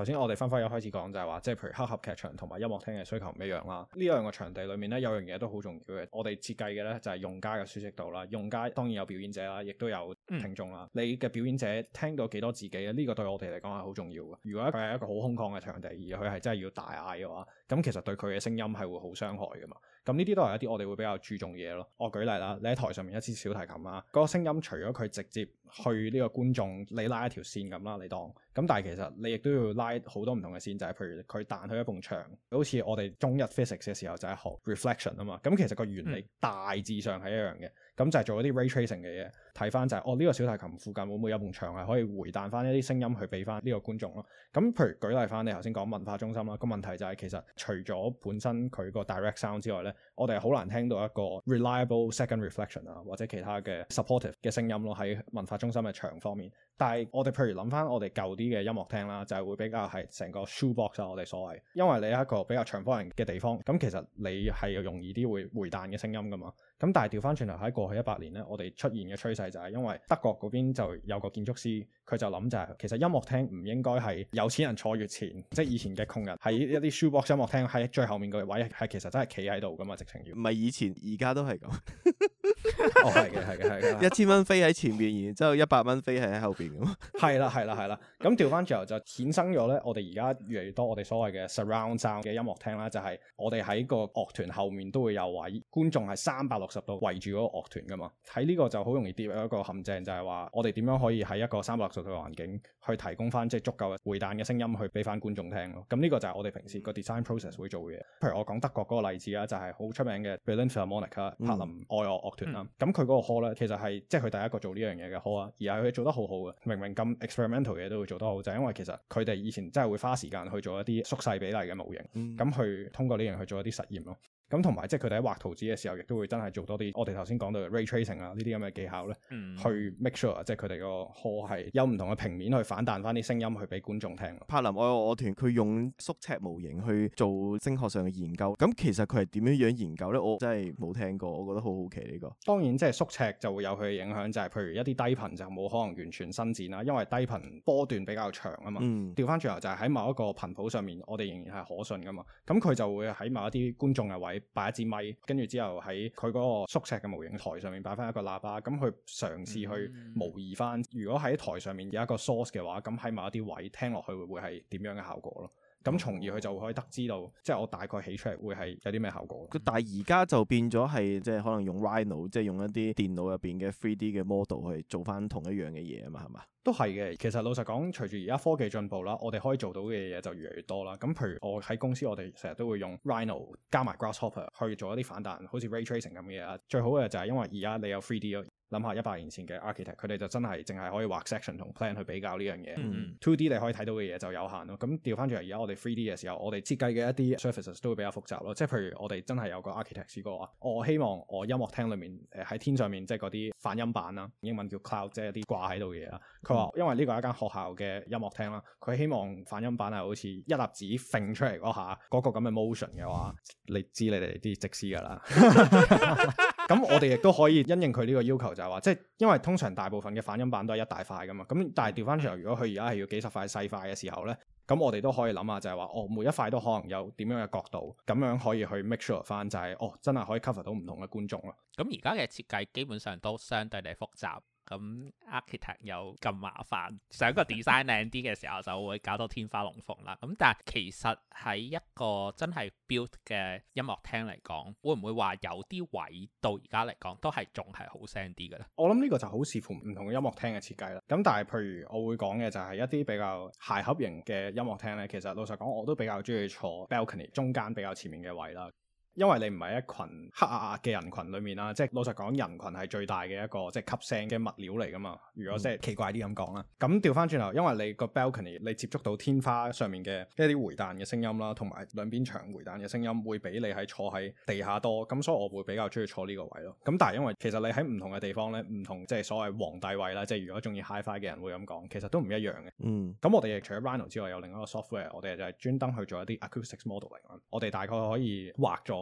頭先我哋分分一開始講就係話，即係譬如黑盒劇場同埋音樂廳嘅需求唔一樣啦。呢兩個場地裏面咧，有樣嘢都好重要嘅。我哋設計嘅咧就係用家嘅舒適度啦。用家當然有表演者啦，亦都有聽眾啦。嗯、你嘅表演者聽到幾多自己咧？呢個對我哋嚟講係好重要嘅。如果佢係一個好空曠嘅場地，而佢係真係要大嗌嘅話，咁其實對佢嘅聲音係會好傷害㗎嘛。咁呢啲都係一啲我哋會比較注重嘅嘢咯。我舉例啦，你喺台上面一支小提琴啊，嗰、嗰個聲音除咗佢直接去呢個觀眾，你拉一條線咁啦，你當咁，但係其實你亦都要拉好多唔同嘅線，就係譬如佢彈去一埲牆，好似我哋中一 physics 嘅時候就係、是、學 reflection 啊嘛。咁其實個原理大致上係一樣嘅。嗯咁就係做一啲 ray tracing 嘅嘢，睇翻就係哦呢個小提琴附近會唔會有埲牆係可以回彈翻一啲聲音去俾翻呢個觀眾咯。咁譬如舉例翻，你頭先講文化中心啦，個問題就係其實除咗本身佢個 direct sound 之外咧，我哋係好難聽到一個 reliable second reflection 啊，或者其他嘅 supportive 嘅聲音咯，喺文化中心嘅牆方面。但係我哋譬如諗翻我哋舊啲嘅音樂廳啦，就係、是、會比較係成個 shoebox 啊，我哋所謂，因為你係一個比較長方形嘅地方，咁其實你係容易啲會回彈嘅聲音㗎嘛。咁但係調翻轉頭喺過去一百年呢，我哋出現嘅趨勢就係因為德國嗰邊就有個建築師，佢就諗就係其實音樂廳唔應該係有錢人坐越前，即、就、係、是、以前嘅窮人喺一啲 shoebox 音樂廳喺最後面嗰位係其實真係企喺度㗎嘛，直情要唔係以前而家都係咁。 [laughs] [laughs] 哦，係嘅，係嘅，係嘅，一千蚊飛喺前邊，然之後一百蚊飛喺後邊咁，係 [laughs] 啦， [laughs] [laughs] 係啦，係啦。咁調翻轉頭就衍生咗咧，我哋而家越嚟越多我哋所謂嘅 surround sound 嘅音樂廳啦，就係、是、我哋喺個樂團後面都會有位觀眾係三百六十度圍住嗰個樂團噶嘛。喺呢個就好容易跌入一個陷阱，就係話我哋點樣可以喺一個三百六十度嘅環境去提供翻即係足夠嘅回彈嘅聲音去俾翻觀眾聽咯。咁、嗯、呢、嗯嗯嗯、個就係我哋平時個 design process 會做嘅。譬如我講德國嗰個例子啊，就係、是、好出名嘅 Berlin Philharmonic 柏林愛樂樂團啦。咁佢嗰個 hall 咧，其實係即係佢第一個做呢樣嘢嘅 hall 啊，而係佢做得好好嘅，明明咁 experimental 嘢都會。做得好就係因為其實佢哋以前真係會花時間去做一啲縮細比例嘅模型，咁、嗯、去通過呢樣去做一啲實驗咯。咁同埋，即係佢哋喺畫圖紙嘅時候，亦都會真係做多啲。我哋頭先講到嘅 ray tracing 啊，呢啲咁嘅技巧咧，嗯、去 make sure 即係佢哋個殼係有唔同嘅平面去反彈翻啲聲音去俾觀眾聽。柏林愛樂樂團佢用縮尺模型去做聲學上嘅研究。咁其實佢係點樣樣研究咧？我真係冇聽過，我覺得好好奇呢、呢個。當然，即係縮尺就會有佢嘅影響，就係、是、譬如一啲低頻就冇可能完全伸展啦，因為低頻波段比較長啊嘛。調翻轉頭就係喺某一個頻譜上面，我哋仍然係可信噶嘛。咁佢就會喺某一啲觀眾嘅位。擺一支咪，跟住之後喺佢嗰個縮尺嘅模型台上面擺翻一個喇叭，咁佢嘗試去模擬翻，如果喺台上面有一個 source 嘅話，咁喺某一啲位聽落去會係點樣嘅效果咯。咁從而佢就可以得知到，即係我大概起出嚟會係有啲咩效果。嗯、但係而家就變咗係，即係可能用 Rhino，即係用一啲電腦入邊嘅 3D 嘅 model 去做翻同一樣嘅嘢啊嘛，係嘛？都係嘅。其實老實講，隨住而家科技進步啦，我哋可以做到嘅嘢就越嚟越多啦。咁譬如我喺公司，我哋成日都會用 Rhino 加埋 Grasshopper 去做一啲反彈，好似 Ray Tracing 咁嘅嘢啊。最好嘅就係因為而家你有 3D 咯。諗下一百年前嘅 architect，佢哋就真係淨係可以畫 section 同 plan 去比較呢樣嘢。嗯，two D 你可以睇到嘅嘢就有限咯。咁調翻轉嚟，而家我哋 three D 嘅時候，我哋設計嘅一啲 services 都會比較複雜咯。即係譬如我哋真係有個 architect 試過話，我希望我音樂廳裏面誒喺、呃、天上面即係嗰啲反音板啦，英文叫 cloud，即係啲掛喺度嘅嘢啦。佢話、嗯、因為呢個係一間學校嘅音樂廳啦，佢希望反音板係好似一粒紙揈出嚟嗰下嗰、嗰個咁嘅 motion 嘅話，你知你哋啲則師㗎啦。 [laughs] [laughs] 咁 [laughs] 我哋亦都可以因應佢呢個要求，就係話，即係因為通常大部分嘅反音板都係一大塊噶嘛，咁但係調翻轉頭，如果佢而家係要幾十塊細塊嘅時候咧，咁我哋都可以諗下，就係話，哦每一塊都可能有點樣嘅角度，咁樣可以去 make sure 翻，就係哦真係可以 cover 到唔同嘅觀眾咯。咁而家嘅設計基本上都相對地複雜。咁 architect、嗯、又咁麻煩，想個 design 靚啲嘅時候就會搞到天花龍鳳啦。咁、嗯、但係其實喺一個真係 built 嘅音樂廳嚟講，會唔會話有啲位到而家嚟講都係仲係好聲啲嘅咧？我諗呢個就好視乎唔同嘅音樂廳嘅設計啦。咁但係譬如我會講嘅就係一啲比較鞋盒型嘅音樂廳咧，其實老實講我都比較中意坐 balcony 中間比較前面嘅位啦。因為你唔係一群黑壓壓嘅人群裏面啦，即係老實講，人群係最大嘅一個即係吸聲嘅物料嚟噶嘛。如果即係奇怪啲咁講啦，咁調返轉頭，因為你個 balcony 你接觸到天花上面嘅一啲回彈嘅聲音啦，同埋兩邊牆回彈嘅聲音，聲音會比你喺坐喺地下多。咁所以，我會比較中意坐呢個位咯。咁但係因為其實你喺唔同嘅地方咧，唔同即係所謂皇帝位啦，即係如果中意 Hi-Fi 嘅人會咁講，其實都唔一樣嘅。嗯。咁我哋亦除咗 Rhino 之外，有另一個 software，我哋就係專登去做一啲 acoustic model 嚟。咁我哋大概可以畫咗。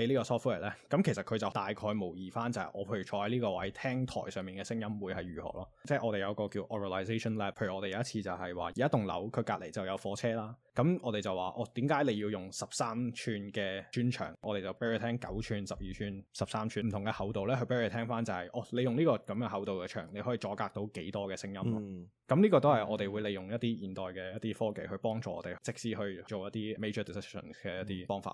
俾呢個 software 咧，咁其實佢就大概模擬翻就係我譬如坐喺呢個位聽台上面嘅聲音會係如何咯，即係我哋有個叫 Auralization Lab，譬如我哋有一次就係話，而一棟樓佢隔離就有火車啦，咁我哋就話哦，點解你要用十三寸嘅磚牆？我哋就俾佢聽九寸、十二寸、十三寸唔同嘅厚度咧，去俾佢聽翻就係、是、哦，你用呢個咁嘅厚度嘅牆，你可以阻隔到幾多嘅聲音、啊？咁呢、嗯、個都係我哋會利用一啲現代嘅一啲科技去幫助我哋，即使去做一啲 major decision 嘅一啲方法。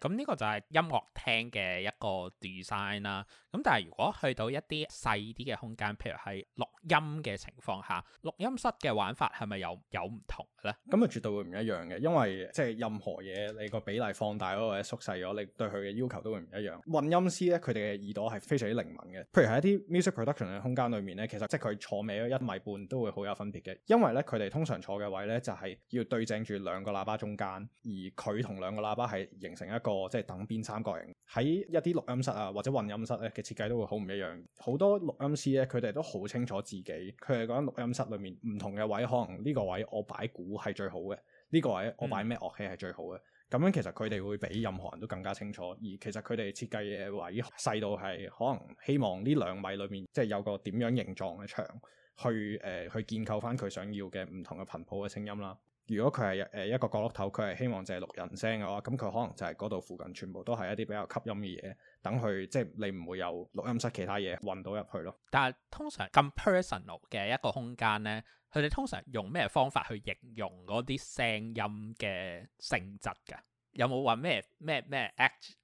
咁呢、嗯、個就係音樂。聽嘅一個 design 啦、啊，咁但係如果去到一啲細啲嘅空間，譬如係錄音嘅情況下，錄音室嘅玩法係咪有有唔同咧？咁啊絕對會唔一樣嘅，因為即係任何嘢你個比例放大咗或者縮細咗，你對佢嘅要求都會唔一樣，混音師咧佢哋嘅耳朵係非常之靈敏嘅，譬如喺一啲 music production 嘅空間裏面咧，其實即係佢坐尾一米半都會好有分別嘅，因為咧佢哋通常坐嘅位咧就係、是、要對正住兩個喇叭中間，而佢同兩個喇叭係形成一個即係、就是、等邊三角。喺一啲錄音室啊，或者混音室咧嘅設計都會好唔一樣。好多錄音師咧，佢哋都好清楚自己，佢哋講錄音室裏面唔同嘅位，可能呢個位我擺鼓係最好嘅，呢個位我擺咩樂器係最好嘅。咁樣，嗯，其實佢哋會比任何人都更加清楚。而其實佢哋設計嘅位細到係可能希望呢兩米裏面，即係有個點樣形狀嘅牆去，呃，去建構翻佢想要嘅唔同嘅頻譜嘅聲音啦。如果佢係誒一個角落頭，佢係希望就係錄人聲嘅話，咁佢可能就係嗰度附近全部都係一啲比較吸音嘅嘢，等佢即係你唔會有錄音室其他嘢混到入去咯。但係通常咁 personal 嘅一個空間呢，佢哋通常用咩方法去形容嗰啲聲音嘅性質㗎？有冇話咩咩咩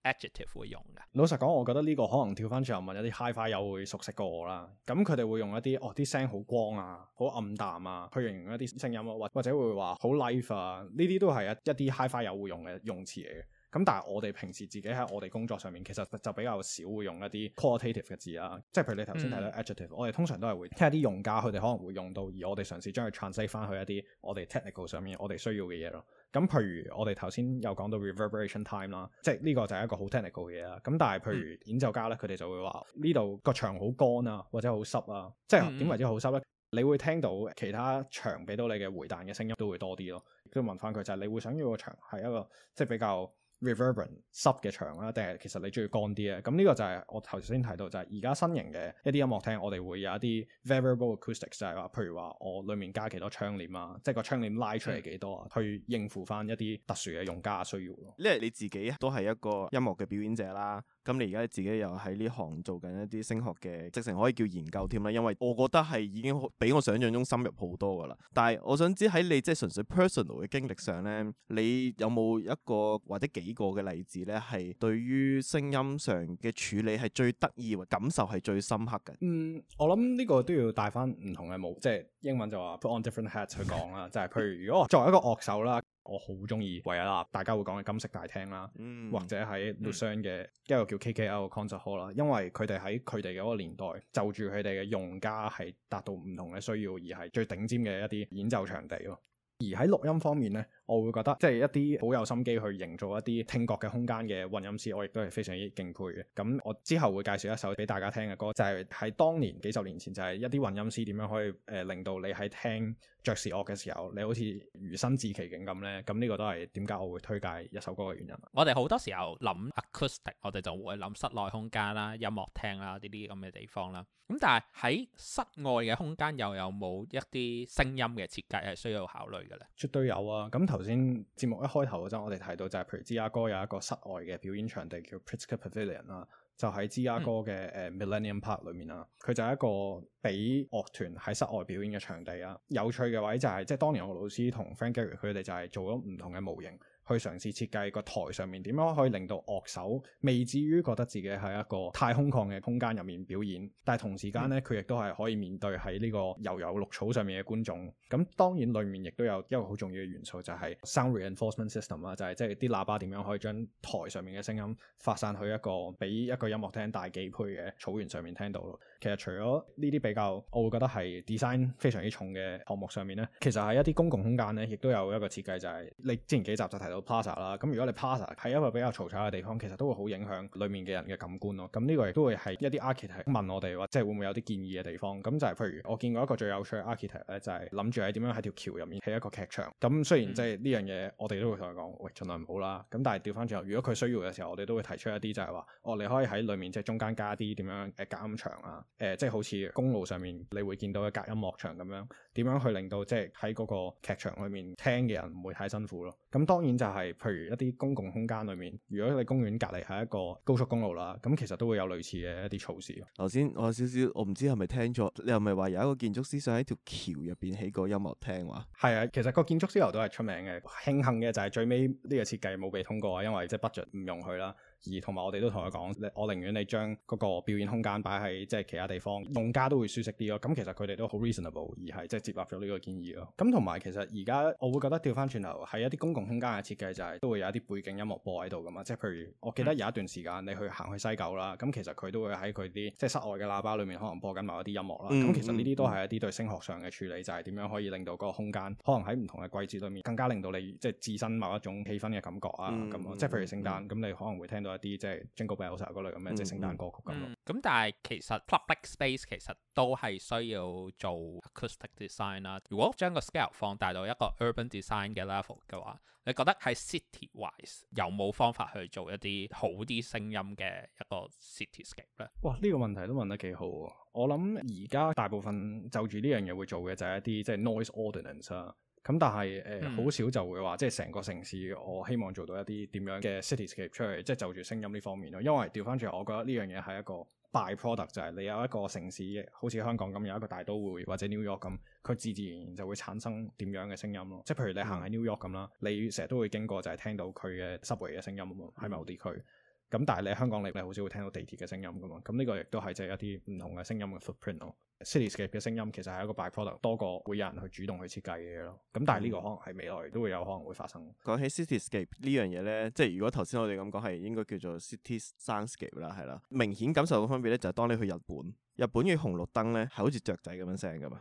adjective 會用嘅？老實講，我覺得呢個可能跳翻轉又問一啲 HiFi 友會熟悉過我啦。咁佢哋會用一啲哦啲聲好光啊，好暗淡啊，去形容一啲聲音咯，或或者會話好 live 啊，呢啲都係一一啲 HiFi 友會用嘅用詞嚟嘅。咁但係我哋平時自己喺我哋工作上面，其實就比較少會用一啲 qualitative 嘅字啦，即係譬如你頭先睇到 adjective，、嗯、我哋通常都係會聽下啲用家佢哋可能會用到，而我哋嘗試將佢 translate 翻去一啲我哋 technical 上面我哋需要嘅嘢咯。咁譬如我哋頭先又講到 reverberation time 啦，即係呢個就係一個好 technical 嘅嘢啦。咁但係譬如演奏家咧，佢哋、嗯、就會話呢度個場好乾啊，或者好濕啊，即係點為之好濕咧？你會聽到其他場俾到你嘅回彈嘅聲音都會多啲咯。都問翻佢就係、是、你會想要個場係一個即係比較。reverberant 濕嘅牆啦，定係其實你中意乾啲咧？咁呢個就係我頭先提到，就係而家新型嘅一啲音樂廳，我哋會有一啲 variable acoustics，就係話，譬如話我裡面加幾多窗簾啊，即係個窗簾拉出嚟幾多啊，Okay. 去應付翻一啲特殊嘅用家嘅需要咯。因為你，你自己都係一個音樂嘅表演者啦。咁你而家自己又喺呢行做緊一啲聲學嘅，直情可以叫研究添啦。因為我覺得係已經比我想象中深入好多噶啦。但係我想知喺你即係純粹 personal 嘅經歷上呢，你有冇一個或者幾個嘅例子呢？係對於聲音上嘅處理係最得意或感受係最深刻嘅？嗯，我諗呢個都要帶翻唔同嘅帽，即係英文就話 put on different hats 去講啦。 [laughs] 就係譬如，如果作為一個樂手啦。我好中意維也納，大家會講嘅金色大廳啦，嗯、或者喺盧森嘅一個叫 KKL Concert Hall 啦，因為佢哋喺佢哋嘅嗰個年代，就住佢哋嘅用家係達到唔同嘅需要，而係最頂尖嘅一啲演奏場地咯。而喺錄音方面呢，我會覺得即係一啲好有心機去營造一啲聽覺嘅空間嘅混音師，我亦都係非常之敬佩嘅。咁我之後會介紹一首俾大家聽嘅歌，就係、是、喺當年幾十年前，就係、是、一啲混音師點樣可以誒、呃、令到你喺聽爵士樂嘅時候，你好似如身至其境咁呢。咁呢個都係點解我會推介一首歌嘅原因。我哋好多時候諗 acoustic，我哋就會諗室內空間啦、音樂廳啦、呢啲咁嘅地方啦。咁但係喺室外嘅空間，又有冇一啲聲音嘅設計係需要考慮？絕對有啊！咁頭先節目一開頭嗰陣，我哋提到就係譬如芝加哥有一個室外嘅表演場地叫 Pritzker Pavilion 啦，啊，就喺芝加哥嘅誒 Millennium Park 裏面啦，啊。佢就係一個俾樂團喺室外表演嘅場地啊。有趣嘅位就係、是、即係當年我老師 Frank Gehry 同 Frank Gehry 佢哋就係做咗唔同嘅模型。去嘗試設計個台上面點樣可以令到樂手未至於覺得自己喺一個太空曠嘅空間入面表演，但係同時間呢佢亦都係可以面對喺呢個油油綠草上面嘅觀眾。咁當然裡面亦都有一個好重要嘅元素就係 sound reinforcement system 啦，就係即係啲喇叭點樣可以將台上面嘅聲音發散去一個比一個音樂廳大幾倍嘅草原上面聽到。其實除咗呢啲比較，我會覺得係 design 非常之重嘅項目上面呢。其實係一啲公共空間呢，亦都有一個設計就係、是、你之前幾集就提到 parser 啦，咁如果你 parser 係一個比較嘈吵嘅地方，其實都會好影響裡面嘅人嘅感官咯。咁、嗯、呢、呢個亦都會係一啲 architect 問我哋話，即係會唔會有啲建議嘅地方？咁、嗯、就係譬如我見過一個最有趣 architect 咧，就係諗住喺點樣喺條橋入面起一個劇場。咁雖然即係呢樣嘢，我哋都會同佢講，喂，儘量唔好啦。咁但係調翻轉頭，如果佢需要嘅時候，我哋都會提出一啲就係話，哦，你可以喺裡面即係中間加啲點樣誒隔音牆啊，誒即係好似公路上面你會見到嘅隔音幕牆咁樣，點樣去令到即係喺嗰個劇場裏面聽嘅人唔會太辛苦咯。咁、嗯、當然就是、～就係譬如一啲公共空間裏面，如果你公園隔離係一個高速公路啦，咁其實都會有類似嘅一啲措施。頭先我有少少，我唔知係咪聽錯，你係咪話有一個建築師想喺條橋入邊起個音樂廳話？係啊，其實個建築師樓都係出名嘅，慶幸嘅就係最尾呢個設計冇被通過啊，因為即係 budget 唔容許啦。而同埋我哋都同佢講，我寧願你將嗰個表演空間擺喺即係其他地方，用家都會舒適啲咯。咁其實佢哋都好 reasonable，而係即係接納咗呢個建議咯。咁同埋其實而家我會覺得調翻轉頭，係一啲公共空間嘅設計就係、是、都會有一啲背景音樂播喺度噶嘛。即係譬如我記得有一段時間你去行去西九啦，咁其實佢都會喺佢啲即係室外嘅喇叭裏面可能播緊某一啲音樂啦。咁、嗯、其實呢啲都係一啲對聲學上嘅處理，就係、是、點樣可以令到嗰個空間可能喺唔同嘅季節裏面更加令到你即係置身某一種氣氛嘅感覺啊。咁、嗯、即係譬如聖誕，咁、嗯、你可能會聽到。一啲、like, 嗯、即係 Jingle Bells 啊，嗰類咁嘅即係聖誕歌曲咁咯、嗯。咁、嗯、但係其實 public space 其實都係需要做 acoustic design 啦。如果將個 scale 放大到一個 urban design 嘅 level 嘅話，你覺得喺 city wise 有冇方法去做一啲好啲聲音嘅一個 cityscape 咧？哇！呢、這個問題都問得幾好。我諗而家大部分就住呢樣嘢會做嘅就係一啲即係 noise ordinance 啦。咁但係誒好少就會話即係成個城市，我希望做到一啲點樣嘅 cityscape 出嚟，即係就住聲音呢方面咯。因為調翻轉，我覺得呢樣嘢係一個大 p r o d u c t 就係你有一個城市，好似香港咁有一個大都會或者 New York 咁，佢自自然然就會產生點樣嘅聲音咯。即係譬如你行喺 New York 咁啦，嗯、你成日都會經過就係聽到佢嘅 subway 嘅聲音喎，喺、嗯、某啲區。咁但係你喺香港你你好少會聽到地鐵嘅聲音噶嘛？咁呢個亦都係即係一啲唔同嘅聲音嘅 footprint 咯。Cityscape 嘅聲音其實係一個 byproduct，多過會有人去主動去設計嘅嘢咯。咁但係呢個可能係未來都會有可能會發生。講、嗯、起 cityscape 呢樣嘢咧，即係如果頭先我哋咁講係應該叫做 city soundscape 啦，係啦。明顯感受到分別咧，就係當你去日本，日本嘅紅綠燈咧係好似雀仔咁樣聲噶嘛。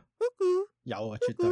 有啊，絕對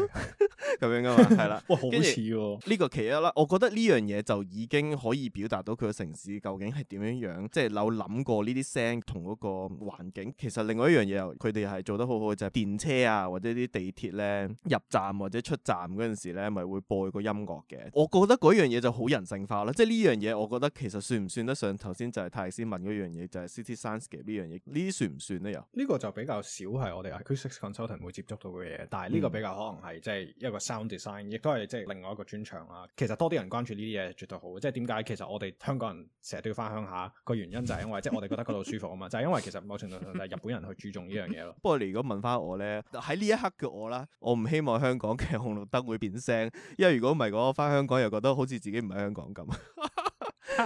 咁 [laughs] 樣噶嘛，係啦 [laughs] 了，哇，好似喎、哦。呢、這個其一啦，我覺得呢樣嘢就已經可以表達到佢個城市究竟係點樣樣，即係有諗過呢啲聲同嗰個環境。其實另外一樣嘢佢哋係做得好好嘅就係、是、電車啊或者啲地鐵呢入站或者出站嗰陣時呢咪會播一個音樂嘅。我覺得嗰樣嘢就好人性化啦，即係呢樣嘢我覺得其實算唔算得上頭先就係泰斯問嗰樣嘢就係、是、City Soundscape 呢樣嘢呢？啲算唔算咧有？呢個就比較少係我哋 Acoustic Consultant 會接觸到嘅嘢，但係呢、嗯。呢個比較可能係即係一個 sound design，亦都係即係另外一個專長啦。其實多啲人關注呢啲嘢絕對好。即係點解？其實我哋香港人成日都要返鄉下，個原因就係因為即係我哋覺得嗰度舒服啊嘛。 [laughs] 就係因為其實某程度上就係日本人去注重呢樣嘢咯。 [laughs] 不過你如果問返我咧，喺呢一刻嘅我啦，我唔希望香港嘅紅綠燈會變聲，因為如果唔係，我返香港又覺得好似自己唔喺香港咁。 [laughs]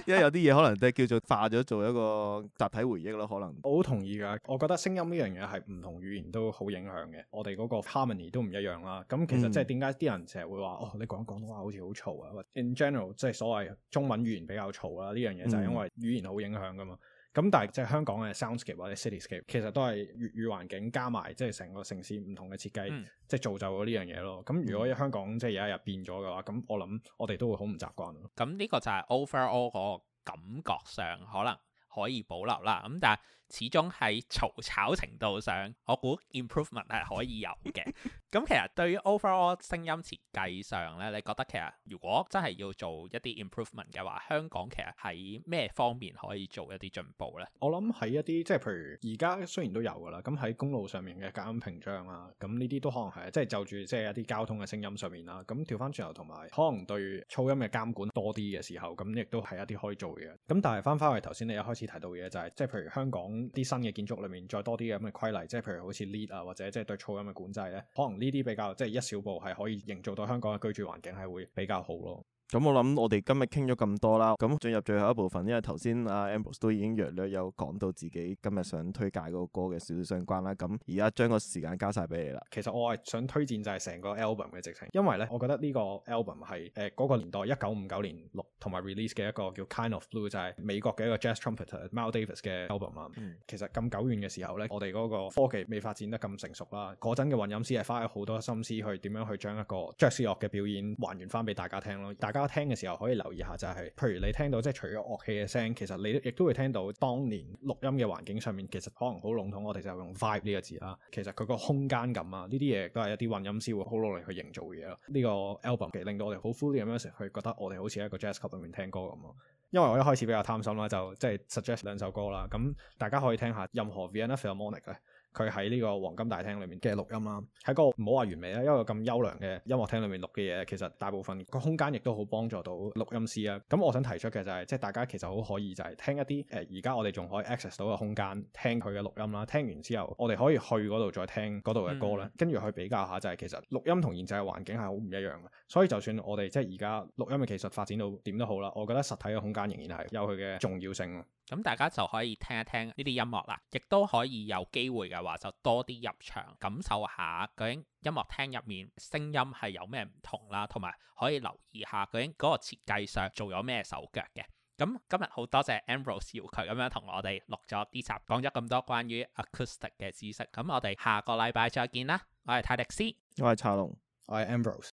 因為 [laughs] 有啲嘢可能都係叫做化咗做一個集體回憶咯，可能我好同意㗎。我覺得聲音呢樣嘢係唔同語言都好影響嘅。我哋嗰個 harmony 都唔一樣啦。咁其實即係點解啲人成日會話哦，你講廣東話好似好嘈啊。或者 In general，即係所謂中文語言比較嘈啦。呢樣嘢就係因為語言好影響㗎嘛。嗯咁但係即係香港嘅 soundscape 或者 cityscape 其實都係粵語環境加埋即係成個城市唔同嘅設計，即係造就咗呢樣嘢咯。咁如果香港即係有一日變咗嘅話，咁我諗我哋都會好唔習慣咯。咁呢個就係 overall 嗰個感覺上可能可以保留啦。咁但係始終喺嘈吵程度上，我估 improvement 係可以有嘅。咁 [laughs] 其實對於 overall 聲音設計上咧，你覺得其實如果真係要做一啲 improvement 嘅話，香港其實喺咩方面可以做一啲進步咧？我諗喺一啲即係譬如而家雖然都有噶啦，咁喺公路上面嘅隔音屏障啊，咁呢啲都可能係即係就住即係一啲交通嘅聲音上面啦。咁調翻轉頭，同埋可能對噪音嘅監管多啲嘅時候，咁亦都係一啲可以做嘅。咁但係翻翻去頭先你一開始提到嘅嘢、就係，就係即係譬如香港。啲、嗯、新嘅建築裏面再多啲咁嘅規例，即係譬如好似 lead 啊，或者即係對噪音嘅管制咧，可能呢啲比較即係、就是、一小步，係可以營造到香港嘅居住環境係會比較好咯。咁我諗我哋今日傾咗咁多啦，咁進入最後一部分，因為頭先阿 Ambrose 都已經略略有講到自己今日想推介嗰個歌嘅少少相關啦，咁而家將個時間交晒俾你啦。其實我係想推薦就係成個 album 嘅直情，因為咧，我覺得呢個 album 係誒嗰個年代一九五九年六同埋 release 嘅一個叫 Kind of Blue，就係美國嘅一個 jazz trumpeter Miles Davis 嘅 album 啊。其實咁久遠嘅時候咧，我哋嗰個科技未發展得咁成熟啦，嗰陣嘅混音師係花咗好多心思去點樣去將一個 jazz 樂嘅表演還原翻俾大家聽咯，大大家聽嘅時候可以留意下、就是，就係譬如你聽到即係除咗樂器嘅聲，其實你亦都會聽到當年錄音嘅環境上面，其實可能好籠統。我哋就用 vibe 呢個字啦，其實佢個空間感啊，呢啲嘢都係一啲混音師會好努力去營造嘅嘢咯。呢、這個 album 令到我哋好 fully immersed 去覺得我哋好似喺個 jazz club 入面聽歌咁啊。因為我一開始比較貪心啦，就即係、就是、suggest 兩首歌啦，咁大家可以聽下任何 Vienna Philharmonic 咧。佢喺呢個黃金大廳裏面嘅錄音啦，喺、嗰個唔好話完美啦，因為咁優良嘅音樂廳裏面錄嘅嘢，其實大部分個空間亦都好幫助到錄音師啦。咁我想提出嘅就係、是，即係大家其實好可以就係聽一啲誒而家我哋仲可以 access 到嘅空間聽佢嘅錄音啦。聽完之後，我哋可以去嗰度再聽嗰度嘅歌啦。跟住、嗯、去比較下就係、是、其實錄音同現實嘅環境係好唔一樣嘅。所以就算我哋即係而家錄音嘅技術發展到點都好啦，我覺得實體嘅空間仍然係有佢嘅重要性。咁大家就可以聽一聽呢啲音樂啦，亦都可以有機會嘅話就多啲入場感受下究竟音樂廳入面聲音係有咩唔同啦，同埋可以留意下究竟嗰個設計上做咗咩手腳嘅。咁、嗯、今日好多謝 Ambrose 邀佢咁樣同我哋錄咗啲集，講咗咁多關於 acoustic 嘅知識。咁我哋下個禮拜再見啦。我係泰迪斯，我係茶龍，我係 Ambrose，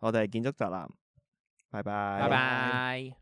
我哋係建築宅男，拜拜，拜拜。